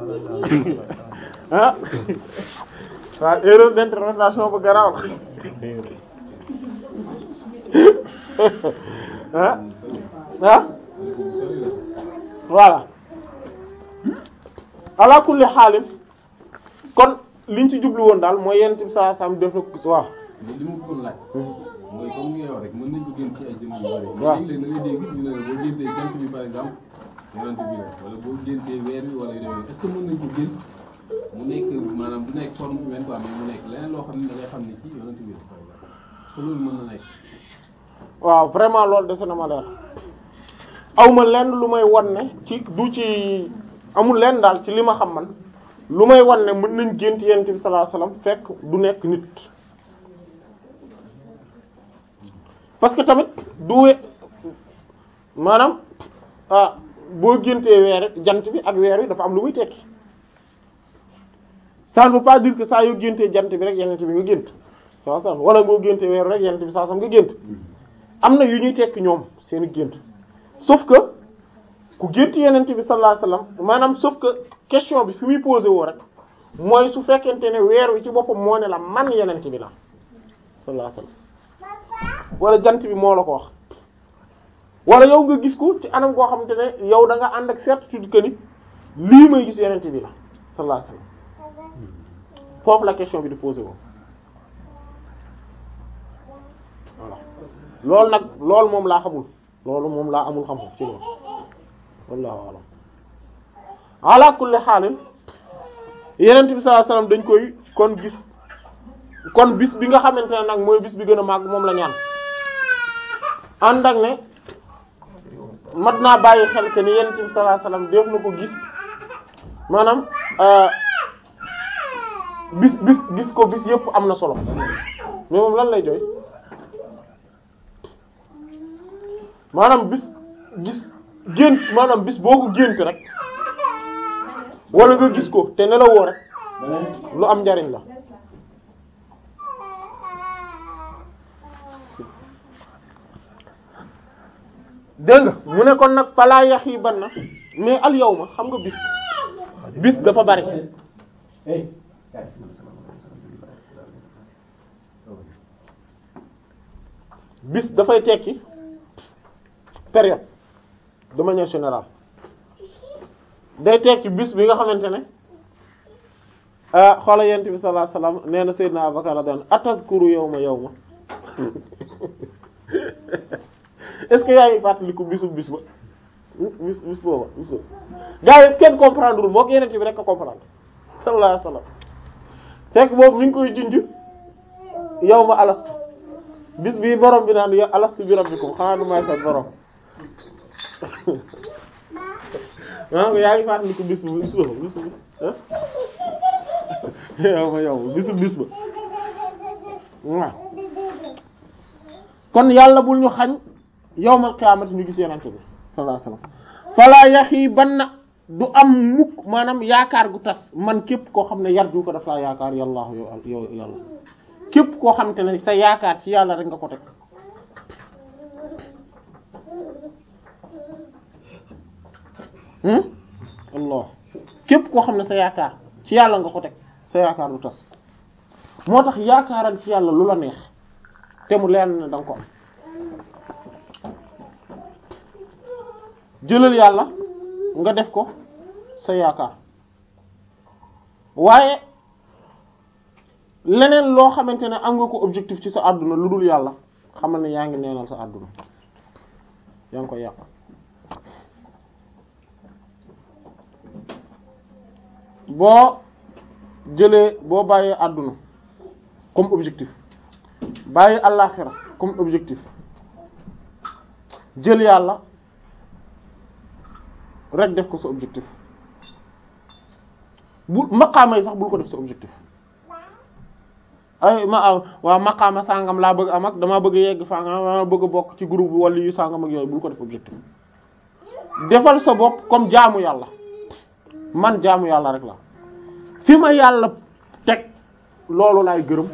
ah waaw erreur d'interprétation bu garaaw la ah ah voilà ala kulli xaalim kon liñ ci jublu woon daal moo yenn ci saa sam def na waaw. mais li ma hmm. rek mën nañu ko gën ci ay jëmm yu bëri. waaw léeg-léeg da la boo géntee jant bi par wala boo que mën nañu ko gën mu maanaam du nekk forme humaine nekk leneen loo xam ne da ngay xam ne loolu mën na nekk. waaw vraiment loolu defe na ma leer aw ma lenn lu may wan ne ci du ci amul lenn daal ci li ma xam man lu may wan ne mën nañ gént yonent bi sallallahu alayhi wasallam fekk du nekk nit. parce que tamit du we maanaam ah boo géntee weer jant bi ak weer wi dafa am lu muy tekki ça ne veut pas dire que saa yoo géntee jant bi rek yenent bi nga gént saa sam wala boo géntee weer rek yenent bi saa sam nga gént mm-hmm. am na yu ñuy tekki ñoom seen gént sauf que ku gént yenent bi sallallahu alayhi wasallam maanaam sauf que question bi fi muy posé woo rek mooy su fekkente ne weer wi ci boppam moo ne la man yenent bi la sallallahu alayhi wasallam wala jant bi moo la ko wax wala yow nga gis ko ci anam koo xam ne yow da nga ànd ak certitude que ni lii may gis yenente bi la sallallahu alayhi wasallam foofu la question bi di posé woo loolu nag loolu moom laa xamul loolu moom laa amul xam ci loolu wallahu a'lam ala kulli xaalin yenente bi sallallahu alayhi wasallam dañ koy kon gis kon bis bi nga xamante ne nag mooy bis bi gën a màgg moom la ñaan ànd ak ne mat naa bàyyi xel que ni yonent bi sallallahu alayhi na ko gis maanaam euh, bis bis gis ko bis yépp am na solo mais moom lan lay jooy maanaam bis gis gént maanaam bis boo ko gént rek wala nga gis ko te nelawoo rek lu am njariñ la. dégg nga mu ne kon nag falaa yax yi ban na mais al yow ma xam nga bis bis dafa bari bis dafay tekki période dama manière générale day tekki bis bi nga xamante ne ah, xoola yent bi sallallahu alayhi wasallam nee na Seydina Abubakar radiyallahu anhu atazkuru yawma yawma est-ce que yaa ngi fàttaliku bisu bis ba bis ba gars yi kenn comprendre moo ko yeneen bi rek ko comprendre sallallahu alayhi wasallam fekk boobu mi ngi koy junj yow ma alastu bis bii borom bi naan yow alastu bi rabbikum xanaa du may sa borom ah yaa ngi fàttaliku bis bu bis ba ah? bis ba bis ba kon yàlla bul ñu xañ. yawmal qiyaamati ñu gis yenante bi sallallahu alayhi wasallam fala yaxii banna du am mukk maanaam yaakaar gu tas man képp koo xam ne yarju ko daf laa yaakaar yàllaa yow yàlla képp koo xam ne sa yaakaar ci yàlla rek nga ko teg hmm? koo xam ne sa yaakaar ci yàlla nga ko teg sa du tas moo tax yaakaaral ci yàlla lu la neex te mu leer na da ko am jëlal yàlla nga def ko sa yaakaar waaye leneen loo xamante ne am nga ko objectif ci sa àdduna lu dul yàlla xamal ne yaa ngi neenal sa àdduna yaa ngi ko yàq boo jëlee boo bàyyee àdduna comme objectif bàyyi àllaaxira comme objectif jël yàlla rek def ko sa objectif bu maqaama yi sax bul ko def sa objectif ay ma ah, waaw maqaama sàngam laa bëgg am ak damaa bëgg yegg fa nga bëgg a bokk ci groupe wala yu sàngam ak yooyu bul ko def objectif defal sa bopp comme jaamu yàlla man jaamu yàlla rek la fi ma yàlla teg loolu laay gërëm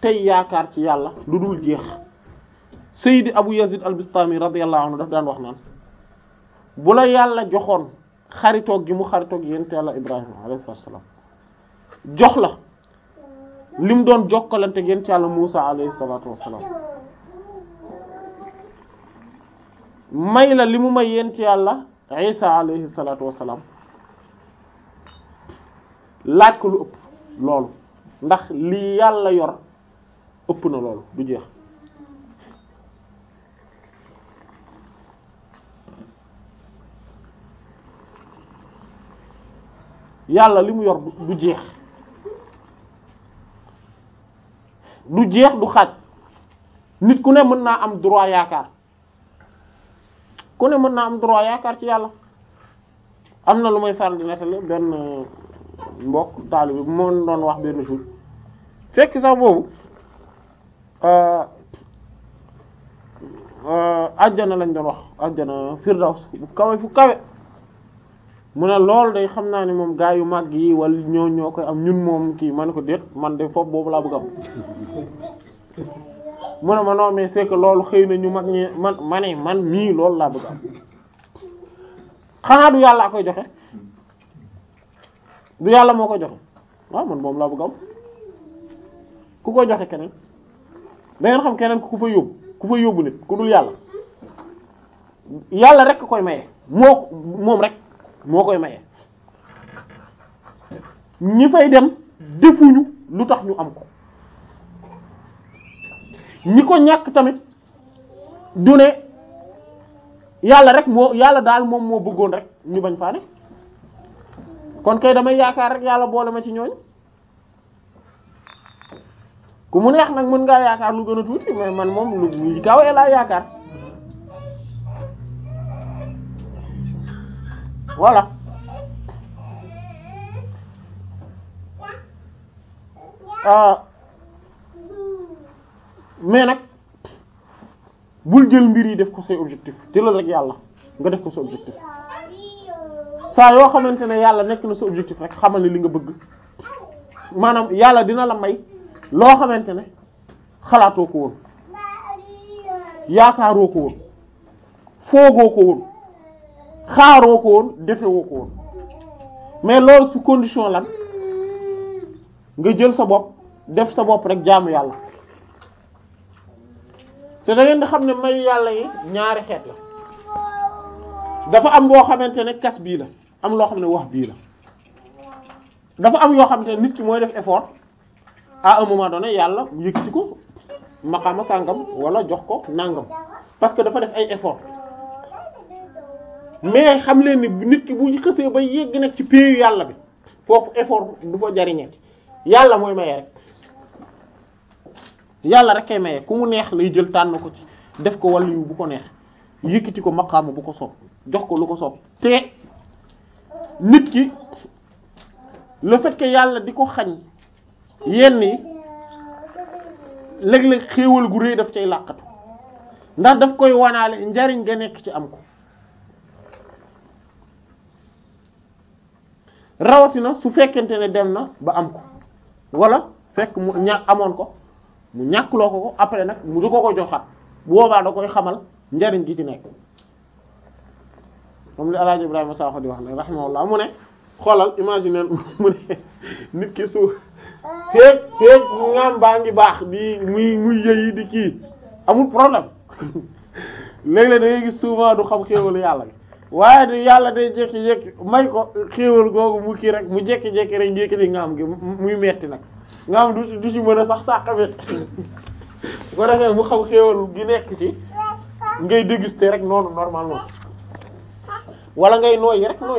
tey yaakaar ci yàlla lu dul jeex Seydi Abu Yazid al-Bistami radiyallahu anhu daf daan wax naan bu la yàlla joxoon xaritoog gi mu xaritoog yent yàlla ibrahima alayhi salaam jox la li mu doon jokkalante yent yàlla muusa alayhi salaatu wassalaam may la li mu may yent yàlla isa alayhi salaatu wassalaam laaj ko lu ëpp loolu ndax li yàlla yor ëpp na loolu du jeex yàlla li mu yor du jeex du jeex du xaaj nit ku ne mën naa am droit yaakaar ku ne mën naa am droit yaakaar ci yàlla am na lu may faral di nettali benn euh, mbokk taalibe bi moo doon wax benn jour fekk sax boobu euh, euh, àjjana lañ doon wax àjjana firdaws bu kawe fu kawe mu ne loolu day xam naa ni moom gaa yu mag yi wal ñoo ñoo koy am ñun moom kii man na ko déet man de foofu boobu laa bëgg am mu ne ma non loolu xëy na ñu mag ñi man ma man mii loolu laa bëgg am xanaa du yàlla koy joxe du yàlla moo koy joxe waaw man moom laa bëgg am ku koy joxe keneen da ngeen xam keneen ku fa yóbbu ku fa yóbbu nit ku dul yàlla yàlla rek koy maye moo moom rek. moo koy maye ñi fay dem defuñu lu tax ñu am ko ñi ko ñàkk tamit du ne yàlla rek moo yàlla daal moom moo bëggoon rek ñu bañ faa ne kon kay damay yaakaar rek yàlla boole ma ci ñooñu ku mu neex nag mën ngaa yaakaar lu gën a tuuti mais man moom lu gaaw laa yaakaar. voilà ah. mais nag bul jël mbir yi def ko say objectif jëlal la yàlla nga def ko sa objectif saa yoo xamante ne yàlla nekk na sa objectif rek xamal ne li nga bëgg maanaam yàlla dina la may loo xamante ne xalaatoo ko woon yaakaaroo ko woon foogoo ko woon xaaroo ko woon defewoo ko woon mais loolu su condition lan nga jël sa bopp def sa bopp rek jaamu yàlla te da di xam ne mayu yàlla yi ñaari xeet la dafa am boo xamante ne kas bii la am loo xam ne wax bii la dafa am yoo xamante ne nit ki mooy def effort à un moment donné yàlla yëkkati ko maqaama sàngam wala jox ko nàngam parce que dafa def ay effort mais xam leen ni nit ki bu xësee ba yegg nag ci péeyu yàlla bi foofu effort du fa jariñeeti yàlla mooy maye rek yàlla rek kay maye ku mu neex lay jël tànn ko ci def ko wàllu yu bu ko neex yëkkati ko maqaama bu ko soob jox ko lu ko soob te nit ki le fait que yàlla di ko xañ yenn yi léeg-léeg xéewal gu réy daf cay làqatu ndax daf koy wanaale njariñ ga nekk ci am ko rawatina su fekkente ne dem na ba am ko wala fekk mu ña amoon ko mu ñàkkloo ko ko après nag mu du ko ko joxaat boobaa da koy xamal njariñ gi ci nekk moom li alaaji Ibrahima Sakho di wax ne rahimahullah mu ne xoolal imaginer mu ne nit ki su feeg feeg ngaam baa ngi baax di muy muy yëyi di kii amul problème léeg-léeg da ngay gis souvent du xam xéewalu yàlla bi waaye de yàlla day jékki-jékki may ko xéewal googu mu kii rek mu jékki-jékki rek jékki gi muy metti nag nga am du du ci mën a sax sàqamit bu ko defee mu xam xéewal gi nekk ci ngay déguster rek noonu normalement wala ngay nooyi rek pour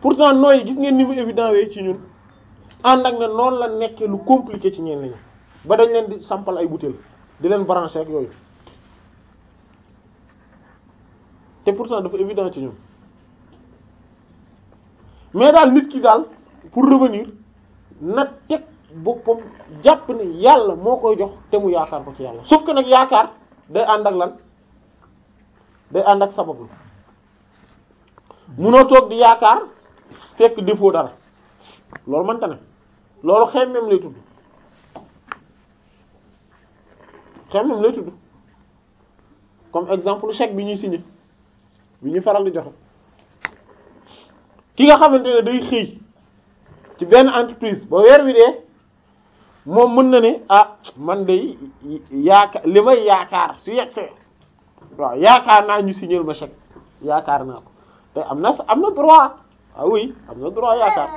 pourtant nooyi gis ngeen ni mu évident wee ci ñun ànd ak na noonu la nekkee lu compliqué ci ñenn ba dañ leen di sampal ay bouteilles di leen brancher ak yooyu te pour pourtant dafa évident ci ñun mais daal nit ki daal pour revenir na teg boppam jàpp ne yàlla moo koy jox te mu yaakaar ko ci yàlla sauf que nag yaakaar day ànd ak lan day ànd ak sababu munoo toog di yaakaar fekk defoo dara loolu mënta ne loolu xemmem lay tudd xemmem lay tudd comme exemple chèque bi ñuy signé bu ñuy faral di joxe ki nga xamante ne day xëy ci benn entreprise ba weer wi dee moom mën na ne ah man day yaakaar li may yaakaar su yegsee waaw yaakaar naa ñu signer ma chèque yaakaar naa ko am na am na droit ah oui am na droit yaakaar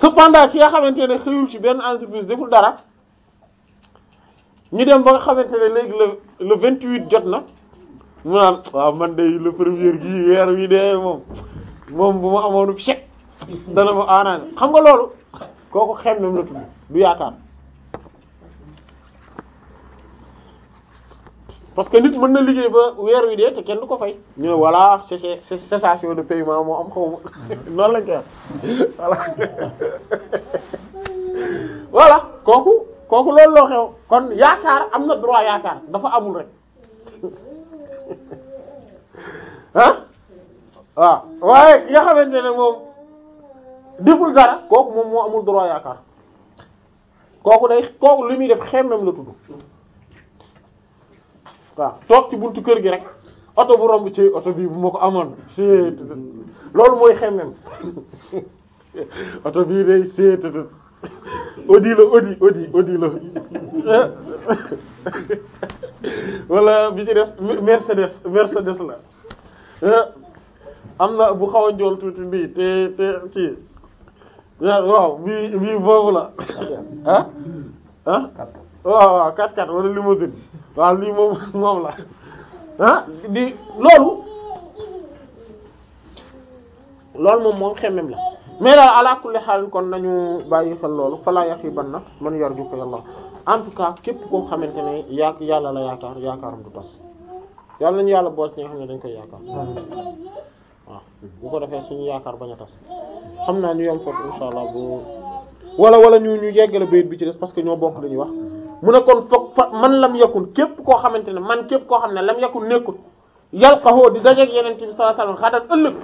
cependant ki nga xamante ne xëyul ci benn entreprise deful dara ñu dem ba nga xamante ne léegi le le vingt-huit jot na mu naan waaw ah, man de le premier gi weer wi de moom moom bu ma amoonu chèque dana ma aanaan xam nga loolu kooku xemmem na tudd du yaakaar parce que nit mën na liggéey ba weer wi dee te kenn du ko fay ñu ne voilà de moo am xaw ma noonu lañ koy voilà kooku kooku loolu loo xew kon yaakaar am na droit yaakaar dafa amul rek ah waaw waaye ki xamante ne moom deful dara kooku moom moo amul droit yaakaar kooku day kooku lu muy def xemmem la tudd waaw toog ci buntu kër gi rek oto bu romb ci oto bii bu ma ko amoon seet loolu mooy xemmem oto bii day seet Audi la Audi wala bi ci des Mercedes Mercedes la eh, am na bu xaw a njool tuuti te te kii eh, waaw bii bii boobu la ah ah waaw waaw 4 x wala limousine waaw lii moom moom la ah di loolu loolu moom moom xemmem la mais daal ala kulli xaal kon nañu bàyyi xel loolu falaa yaxiibanna man yarjuka yàlla en tout cas képp koo xamante ne yaa yàlla la yaakaar yaakaaram du tas yàlla nañu yàlla bool ci nga xam ne dañ koy yaakaar waaw bu ko defee suñu yaakaar bañ a tas xam naa ñu yom foofu insha allah bu wala wala ñu ñu yeggale bayit bi ci des parce que ñoo bokk dañuy wax mu ne kon foog fa man lam yakun képp koo xamante ne man képp koo xam ne lam yakun nekkul yàlla xaw di dajeeg yeneen ci bi sallallahu alayhi wasallam xaaral ëllëg.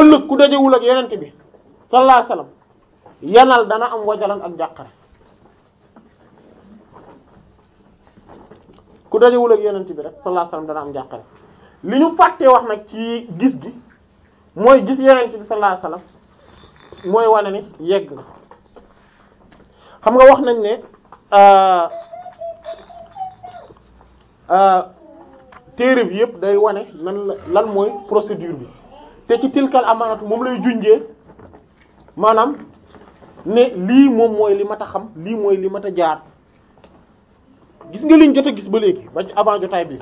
ëllëg ku dajewul ak yenente bi sallallahu alayhi wasallam yanal dana am wajalan ak jàqare ku dajewul ak yenente bi rek sallallahu alayhi dana am jàqare li ñu fàttee wax nag ci gis gi mooy gis yenente bi sallallahu mooy wane ni yegg na xam nga wax nañ ne euh, euh, téere bi yëpp day wane nan lan mooy procédure bi te ci tilkal amaanatu moom lay junjee maanaam ne lii moom mooy li mat a xam lii mooy li mat a jaar gis nga liñ jot a gis ba léegi ba avant jotaay bi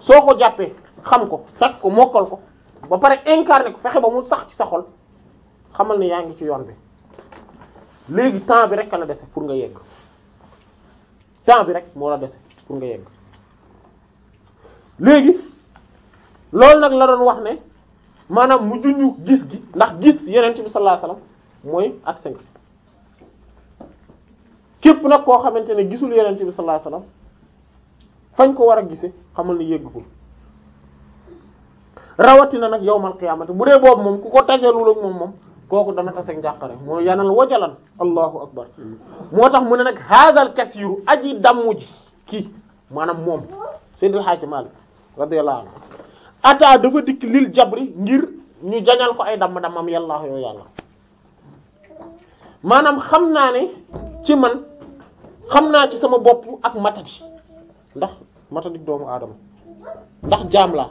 soo ko jàppee xam ko takk ko mokkal ko ba pare incarné ko fexe ba mu sax ci sa xol xamal ne yaa ngi ci yoon bi léegi temps bi rek la dese pour nga yegg temps bi rek moo la dese pour nga yegg léegi loolu nag la doon wax ne maanaam mu junju gis gi ndax gis yeneen bi sallallahu alayhi wasallam mooy ak cinq képp nag koo xamante ne gisul yeneen bi sallallahu alayhi wasallam fañ ko war a gise xamal ne yëggagul rawatina nag yawmal qiyaamati bu dee boobu moom ku ko taseelul ak moom moom kooku dana taseeg njàqare moo yanal wajalan allahu akbar moo tax mu ne nag haazal kasiiru aji dammu ji kii maanaam moom Seydil Haaji Maalik radiyallahu anhu ataa dafa dikk lil jabri ngir ñu jañal ko ay damm-dammam yàllaa yooyu yàlla maanaam xam naa ne ci man xam naa ci sama bopp ak matadi ndax matadi doomu aadama ndax jaam la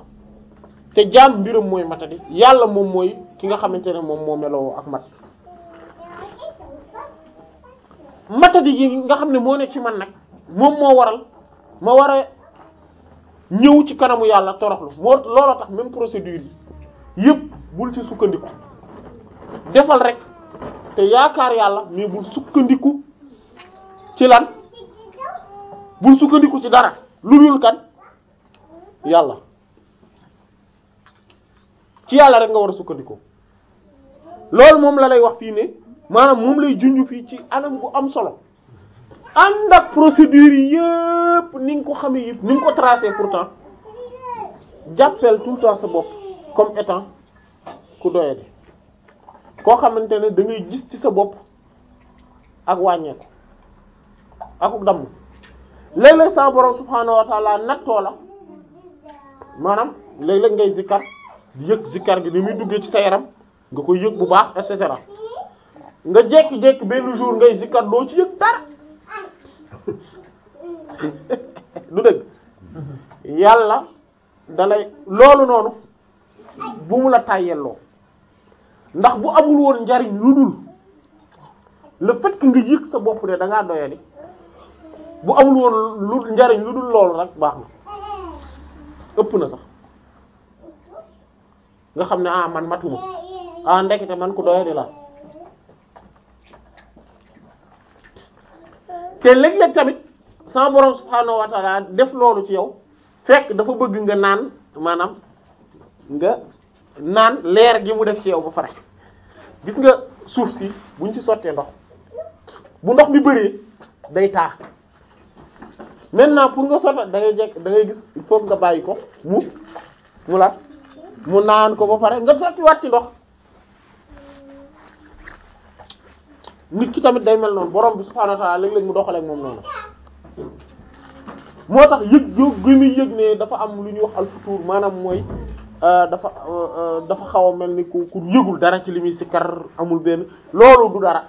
te jaam mbiram mooy matadi yàlla moom mooy ki nga xamante ne moom moo meloo ak mat matadi yi nga xam ne moo ne ci man nag moom moo waral ma war ñëw ci kanamu yàlla toroxlu moo looloo tax même procédure yi yépp bul ci sukkandiku defal rek te yaakaar yàlla mais bul sukkandiku ci lan bul sukkandiku ci dara lu dul kan yàlla ci yàlla rek nga war a sukkandiku loolu moom la lay wax fii ne maanaam moom lay junj fii ci anam bu am solo ànd ak procédure yi yëpp ni nga ko xamee yëpp ni nga ko tracé pourtant jàppeel tout le sa bopp comme étant ku doyadi koo xamante ne da ngay gis ci sa bopp ak wàññeeku akuk damm léeg-léeg sa borom subhaanahu wa taala nattoo maanaam léeg-léeg ngay zikkar yëg zikkar bi ni muy duggee ci sa yaram nga koy yëg bu baax et cetera nga jékki-jékki benn jour ngay zikkar doo ci yëg dara. du dëgg yàlla dalay loolu noonu bu mu la tàyyelloo ndax bu amul woon njariñ lu dul le fait que nga yëg sa bopp de da ngaa doyadi bu amul woon lu njariñ lu dul loolu rek baax na ëpp na sax nga xam ne ah man matuma ah ndekete man ku doyadi la te léeg-léeg tamit sama borom subhaanahu wa taala def loolu ci yow fekk dafa bëgg nga naan maanaam nga naan leer gi mu def ci yow ba pare gis nga suuf si buñ ci sottee ndox bu ndox mi bëree day taax maintenant pour nga sotta da ngay jekk dangay ngay gis il nga bàyyi ko mu mu la mu naan ko ba pare nga sottiwaat ci ndox nit ki tamit day mel noonu borom bi subhaanahu wa ta'ala léeg-léeg mu doxaleeg moom noonu moo tax yëg yëg gi yëg ne dafa am lu ñuy wax alfutuur maanaam mooy euh, dafa euh, euh, dafa xaw a mel ni ku yëgul dara ci li muy sikkar amul benn loolu du dara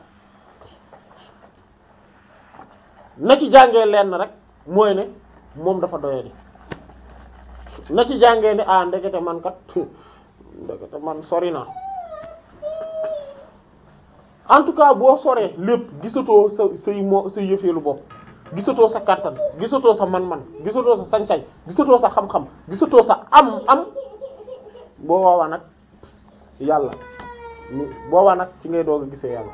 na ci jàngee lenn rek mooy ne moom dafa doyadi na ci jànge ne ah ndekete man kat ndekete man sori en tout cas boo soree lépp gisatoo sa say moo say yëfeelu bopp gisatoo sa kàttan gisatoo sa man-man gisatoo sa sañ gisatoo sa xam-xam gisatoo sa am am boo nag yàlla boobaa nag ci ngay doog a gisee yàlla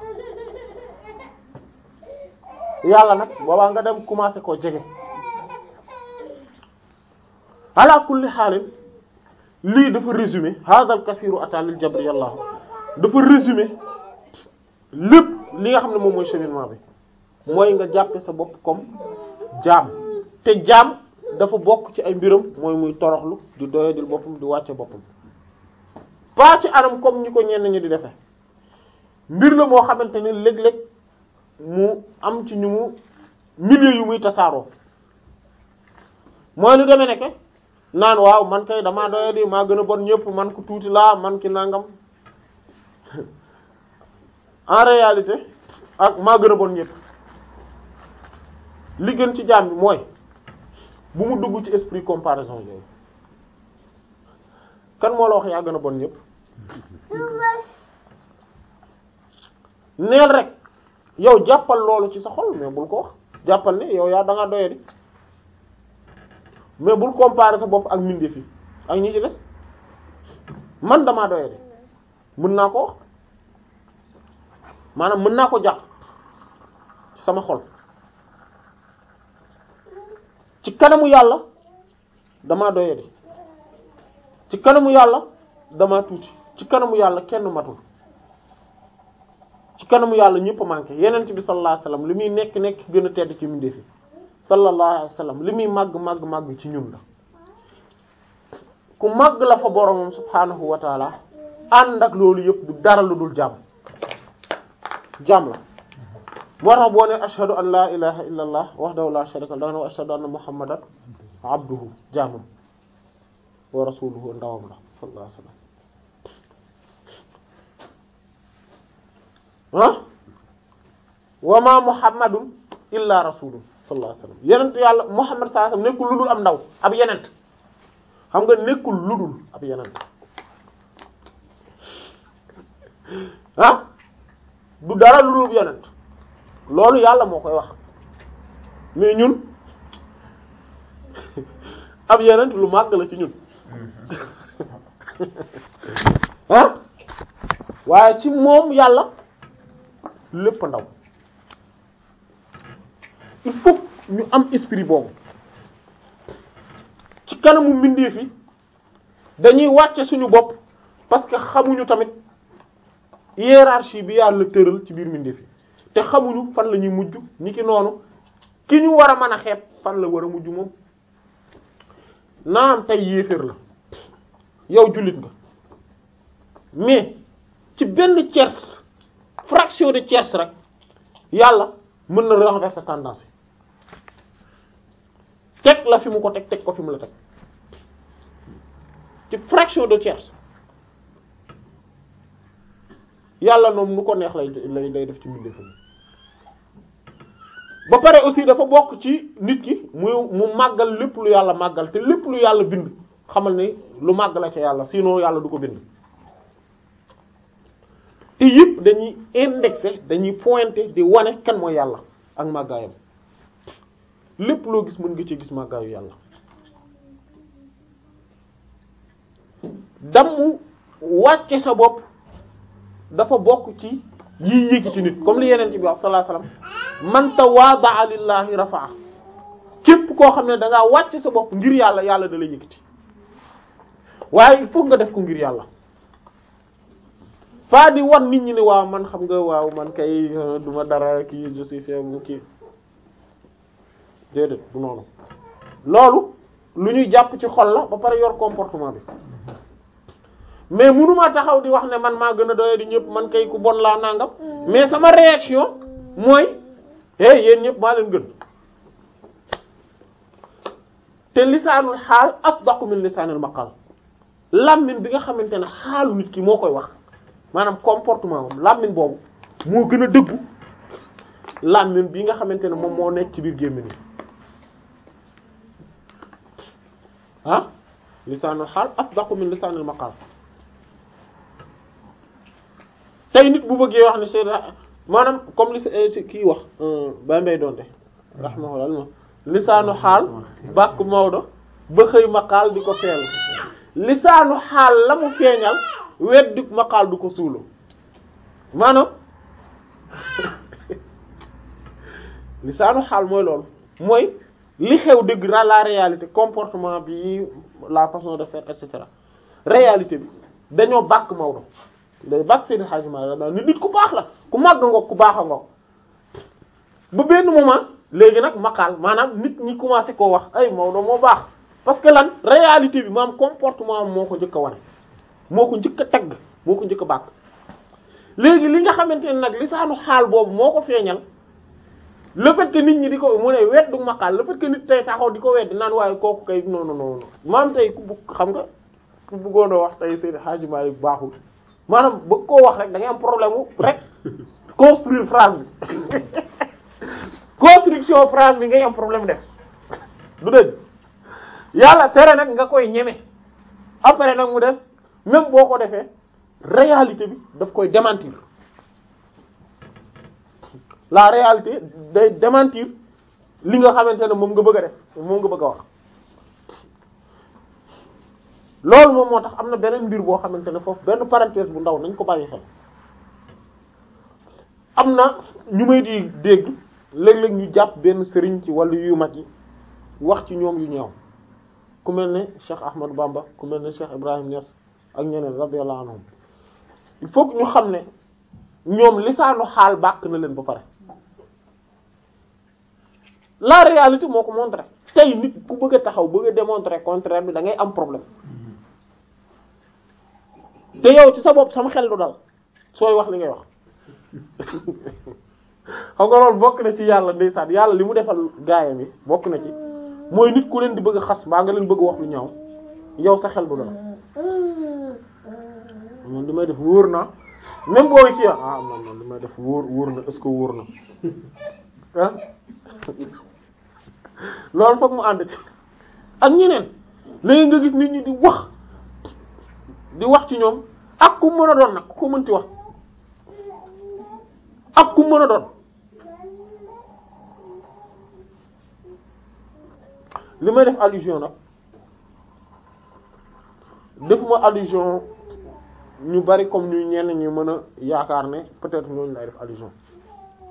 yàlla nag boobaa nga dem commencer koo jege ala kulli xaalin lii dafa résumé hadal kasiru atalil jabri yàlla dafa résumé lépp li nga xam ne moom mooy cheminement bi mooy nga jàppe sa bopp comme jaam te jaam dafa bokk ci ay mbiram mooy muy toroxlu du doyadil boppam du wàcce boppam pas ci anam comme ñi ko ñenn ñi di defee mbir la moo xamante ne léeg-léeg mu am ci ñu mu milieu yu muy tasaaroo mooy lu demee nekke naan waaw man kay damaa doyadi maa gën a bon ñëpp man ko tuuti laa man ki nangam en réalité ak maa gën a bon ñëpp li gën ci jaam bi mooy bu mu dugg ci esprit comparaison yooyu kan moo la wax yaa gën a bon ñëpp neel rek yow jàppal loolu ci sa xol mais bul ko wax jàppal ne yow yaa da ngaa mais bul comparer sa bopp ak mbindeef ak ñi ci des man damaa doye de naa ko wax maanaam mën naa ko jàpp sama xol ci kanamu yàlla damaa doyadi ci kanamu yàlla damaa tuuti ci kanamu yàlla kenn matul ci kanamu yàlla ñëpp manqué yenent bi sallallahu alayhi li muy nekk nekk gën a tedd ci mbindeef yi sallallahu alayhi li muy màgg màgg màgg ci ñun la ku màgg la fa boromam subhaanahu wa taala ànd ak loolu yëpp du dara lu dul jàmm jaam la moo tax boo ne ashhadu an laa ilaha illa allah wahdahu la sharika lahu wa ashhadu anna muhammadan abduhu jaamam wa rasuluhu ndawam la sallallahu alayhi wasallam ah wa ma muhammadun illa rasulun sallallahu alayhi wasallam yenent yàlla muhammad sallallahu alayhi wasallam nekkul ludul am ndaw ab yenent xam nga nekkul ludul ab yenent ah du dara lu dul yonent loolu yàlla moo koy wax mais ñun ab yonent lu màgg la ci ñun ah waaye ci moom yàlla lépp ndaw il faut ñu am esprit boobu ci kanamu mbindeef yi dañuy wàcce suñu bopp parce que xamuñu tamit hiérarchie bi yàlla tëral ci biir mbindeef yi te xamuñu fan la ñuy mujj ñi ki noonu ki ñu war man a xeeb fan la war a mujj moom naam tey yéeféer la yow jullit nga mais ci benn tiers fraction de tiers rek yàlla mën na renverser tendance yi teg la fi mu ko teg teg ko fi mu la teg ci fraction de tiers yàlla moom nu ko neex lay lay def ci mbindeefam ba pare aussi dafa bokk ci nit ki muy mu màggal lépp lu yàlla màggal te lépp lu yàlla bind xamal ni lu màgg la ca yàlla sinon yàlla du ko bind te yëpp dañuy indexé dañuy pointé di wane kenn mooy yàlla ak màggaayam lépp loo gis mun nga ci gis màggaayu yàlla damm wàcce sa bopp dafa bokk ci yii yéegi ci nit comme li yeneen ci bi wax sallallahu alayhi wasallam man tawaada'a lillahi rafa'a képp koo xam ne dangaa ngaa wàcc sa bopp ngir yàlla yàlla da lay yëkkati waaye il faut nga def ko ngir yàlla faa di wan nit ñi ne waaw man xam nga waaw man kay duma dara kii je suis faible kii déedéet bu noonu loolu lu ñuy jàpp ci xol la ba pare yor comportement bi mais mënuma taxaw di wax ne man maa gën a doyadi ñëpp man kay ku bon laa nangam mm. mais sama réaction mooy hey yéen ñëpp maa leen gën te lisaanul xaal asdaqu min lisaanil maqal làmmiñ bi nga xamante ne xaalu ki moo koy wax maanaam comportement moom làmmiñ boobu moo gën a nga xamante ne moom moo nekk ci biir gémmiñ yi ah lisaanul xaal asdaqu min lisaanil maqal tey nit bu bëggee wax ne Seydina maanaam comme li si kii wax euh, ba mbay doonte rahmahullah moom lisaanu xaal bàkk Maodo ba xëy maqaal di ko li lisaanu xaal la mu feeñal weddi maqaal du ko suulu maanaam lisaanu xaal mooy loolu mooy li xew dëgg la la réalité comportement bi la façon de faire et cetera réalité bi dañoo bàkk Maodo day bàq seen xajma daal ni nit ku baax la ku màgg ngoog ku baax a ngoog ba benn ma léegi nag maqaal maanaam nit ñi commencé koo wax ay Maodo moo baax parce que lan réalité bi maam comportement moo ko njëkk a wane moo ko njëkk a tagg moo ko njëkk a bàq léegi li nga xamante ne nag lisaanu xaal boobu moo ko feeñal le fait que nit ñi di ko mu ne weddu maqaal le fait que nit tey taxaw di ko weddi naan waaye kooku kay noonu non non maam tey ku bugg xam nga ku bëggoon a wax tey seen xajma yi baaxul. maanaam bëgg koo wax rek da ngay am problème wu rek construire phrase bi construction phrase bi nga am problème def du dëgg yàlla tere nag nga koy ñeme après nag mu def même boo ko defee réalité bi daf koy démentir la réalité day démentir li nga xamante ne moom nga bëgg a def moom nga bëgg a wax loolu moom moo tax am na beneen mbir boo xamante ne foofu benn parenthèse bu ndaw nañ ko bàyyi xel am na ñu may di dégg léeg-léeg ñu jàpp benn sëriñ ci wàllu yu mag yi wax ci ñoom yu ñëw ku mel ne Cheikh Ahmadou Bamba ku mel ne Cheikh Ibrahim Niass ak ñeneen radiyallahu anhum il faut ñu xam ne ñoom lisaanu xaal bàq na leen ba pare la réalité moo ko montré tey nit ku bëgg taxaw bëgg a démontrer contraire bi da ngay am problème te yow ci sa bopp sama xel du dal sooy wax li ngay wax xam nga loolu bokk na ci yàlla ndeysaan yàlla li mu defal gaayam yi bokk na ci mooy nit ku leen di bëgg a xas mbaa nga leen bëgg wax lu ñaaw yow sa xel du dal man li may def wóor na même booy ci ah man man may def wóor wóor na est-ce que wóor na ah loolu foog mu ànd ci ak ñeneen léegi nga gis nit ñi di wax. di wax ci ñoom ak ku mën a doon nag ku ko mënti wax ak ku mën a doon li may def allusion nag defuma allusion ñu bari comme ñu ñenn ñi mën a yaakaar ne peut-être ñooñu lay def allusion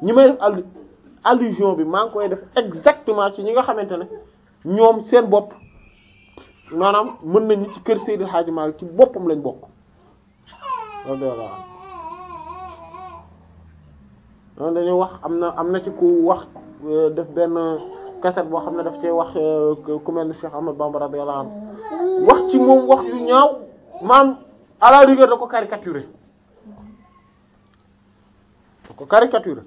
ñi may def allusion bi maa ngi koy def exactement ci ñi nga xamante ne ñoom seen bopp maanaam mën nañ ci kër Seydil Hadji Malick ci boppam lañ bokk radiyallahu anhu dañuy wax am na am na ci ku wax euh, def benn kaset boo xam ne daf cee wax euh, ku mel ni Cheikh Ahmad Bamba radiyallahu anhu wax ci moom wax yu ñaaw maam à la da ko caricaturé da ko caricaturé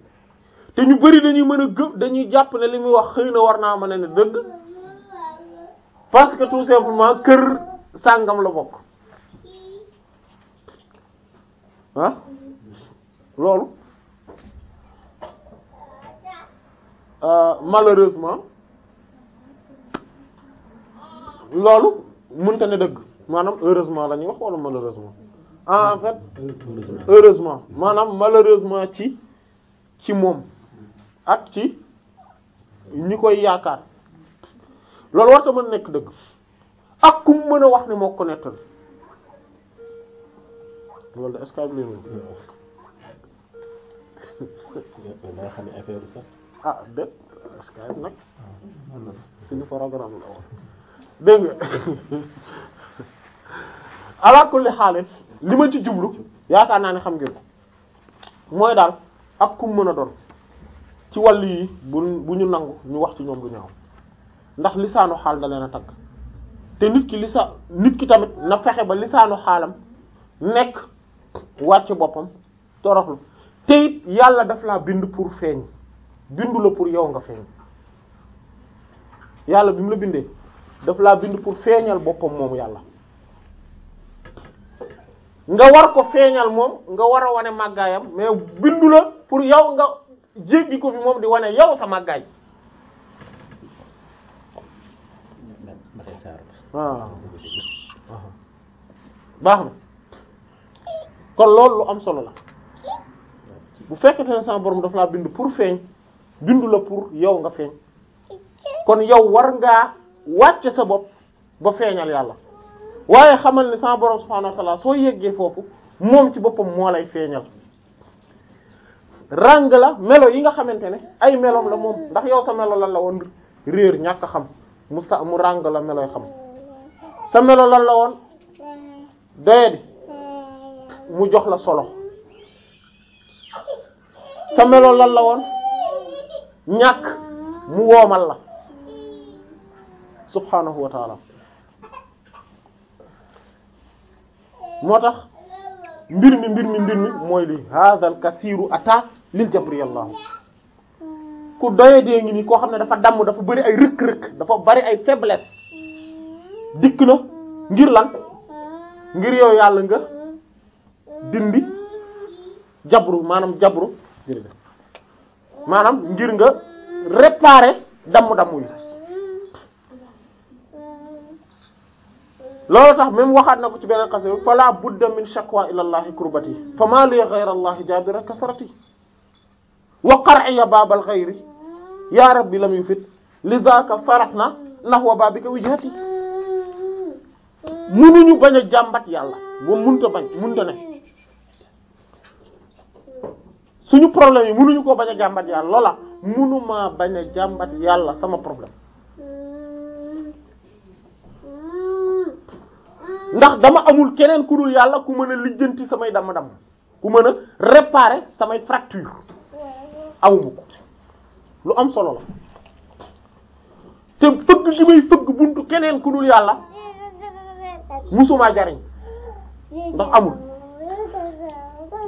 te ñu bari dañuy mën a gëm dañuy jàpp ne li muy wax xëy na war naa mën a ne dëgg parce que tout simplement kër sangam la bokk ah loolu euh, malheureusement loolu mënta ne dëgg maanaam heureusement la ñuy wax wala malheureusement ah, en fait heureusement maanaam malheureusement ci ci moom ak ci ñi koy yaakaar loolu war ta mën nekk dëgg ak kum mën a wax ne moo ko nettal loolu de est-ce que am xam ne affaire sax ah dé Skype nag suñu programme la woon dégg nga xaalis li ma ci jublu yaakaar naa ne xam ngeen ko mooy daal ak kum mën a doon ci wàll yi bu bu ñu nangu ñu wax ci ñoom lu ñaaw ndax lisaanu xaal da leen a tagg te nit ki lisa nit ki tamit na fexe ba lisaanu xaalam nekk wàcc boppam toroxlu te yàlla daf laa bind pour feeñ bindu la pour yow nga feeñ yàlla bi la bindee daf laa bind pour feeñal boppam moom yàlla nga war ko feeñal moom nga war a wane màggaayam mais bindu la pour yow nga jéggi ko fi moom di wane yow sa màggaay waaw ah. baax na kon loolu lu am solo la bu fekkente ne sama borom daf laa bind pour feeñ bindu la pour yow nga feeñ kon yow war ngaa wàcce sa bopp ba feeñal yàlla waaye xamal ne sama borom subhaanahu wa soo yeggee foofu moom ci boppam moo lay feeñal ràng la melo yi nga xamante ne ay melom la moom ndax yow sa melo la la woon réer ñàkk xam mu sa mu ràng la meloy xam sa melo lan la woon doyadi mu jox la solo sa melo lan la woon ñàkk mu woomal la subhanahu wa taala moo tax mbir mi mbir mi mbir mi mooy li hadal kasiiru ata lil jabri allah ku doyadee ngi ni koo xam ne dafa damm dafa bari ay rëkk-rëkk dafa bari ay faiblesse dikk na ngir lan ngir yow yàlla nga dindi jabru maanaam jabru maanaam ngir nga réparer damm-damm yi loolu tax même waxaat na ko ci benn xase bi fala budda min shakwa ila llahi kurbati fa ma li ghayra allahi kasrati wa qar'iya babal ghayri ya rabbi lam yufit lidhaka farahna nahwa babika wijhati munuñu bañ a jàmbat yàlla moom mënut bañ mënut a ne suñu problème yi munuñu koo bañ a jàmbat yàlla loola munumaa bañ a jàmbat yàlla sama problème ndax dama amul keneen ku dul yàlla ku mën a lijjanti samay damm-damm ku mën a réparer samay fracture awuma ko lu am solo la te fëgg li may fëgg buntu keneen ku dul yàlla musumaa jariñ ndax amul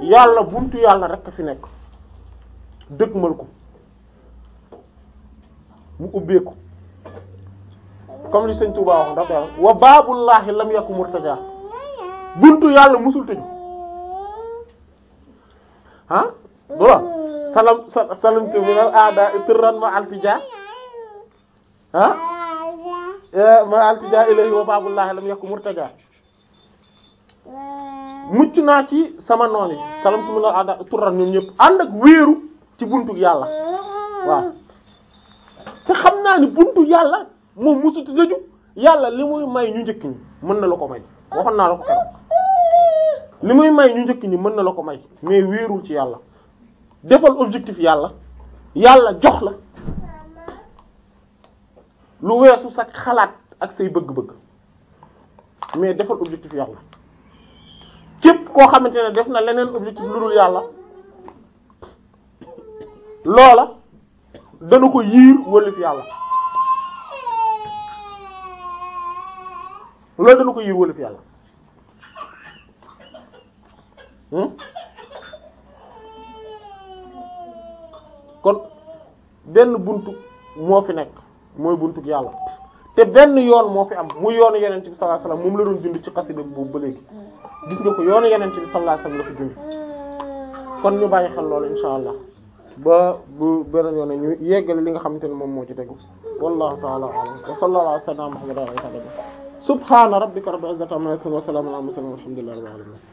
yàlla buntu yàlla rek fi nekk dëgmal ko mu ubbeeku comme li sëñ Touba wax dafa wa baabullaahi lam yakun murtaja buntu yàlla musul tëju ah voilà salam salamtu min al aada turran ma altija ah Eh, ma altija ilayhi wa babullahi lam yakun murtaja mucc naa ci sama noon yi salamtu minal ada turran ñoom ñëpp ànd ak wéeru ci buntu yàlla waaw te xam naa ni buntu yàlla moom mosut dëju yàlla li muy may ñu njëkk ñi mën na la ko may waxoon naa la li muy may ñu njëkk ñi mën na la ko may mais wéeru ci yàlla defal objectif yàlla yàlla jox la lu weesu sa xalaat ak say bëgg-bëgg mais defal objectif yàlla képp koo xamante ne def na leneen objectif lu dul yàlla loola dana ko yiir wëlif yàlla loola dana ko yiir wëlif yàlla hmm? kon benn buntu moo fi nekk mooy buntug yàlla te benn yoon moo fi am mu yoonu yeneen ci bi sallallahu alayhi wasallam moom la doon dund ci xasida boobu ba léegi gis nga ko yoonu yeneen ci bi sallallahu alayhi wasallam la fi dund kon ñu bàyyi xel loolu insha allah ba bu yoon ñu yeggale li xamante ne moom moo ci tegu wallahu ta'ala a'lam wa sallallahu ala sayyidina muhammad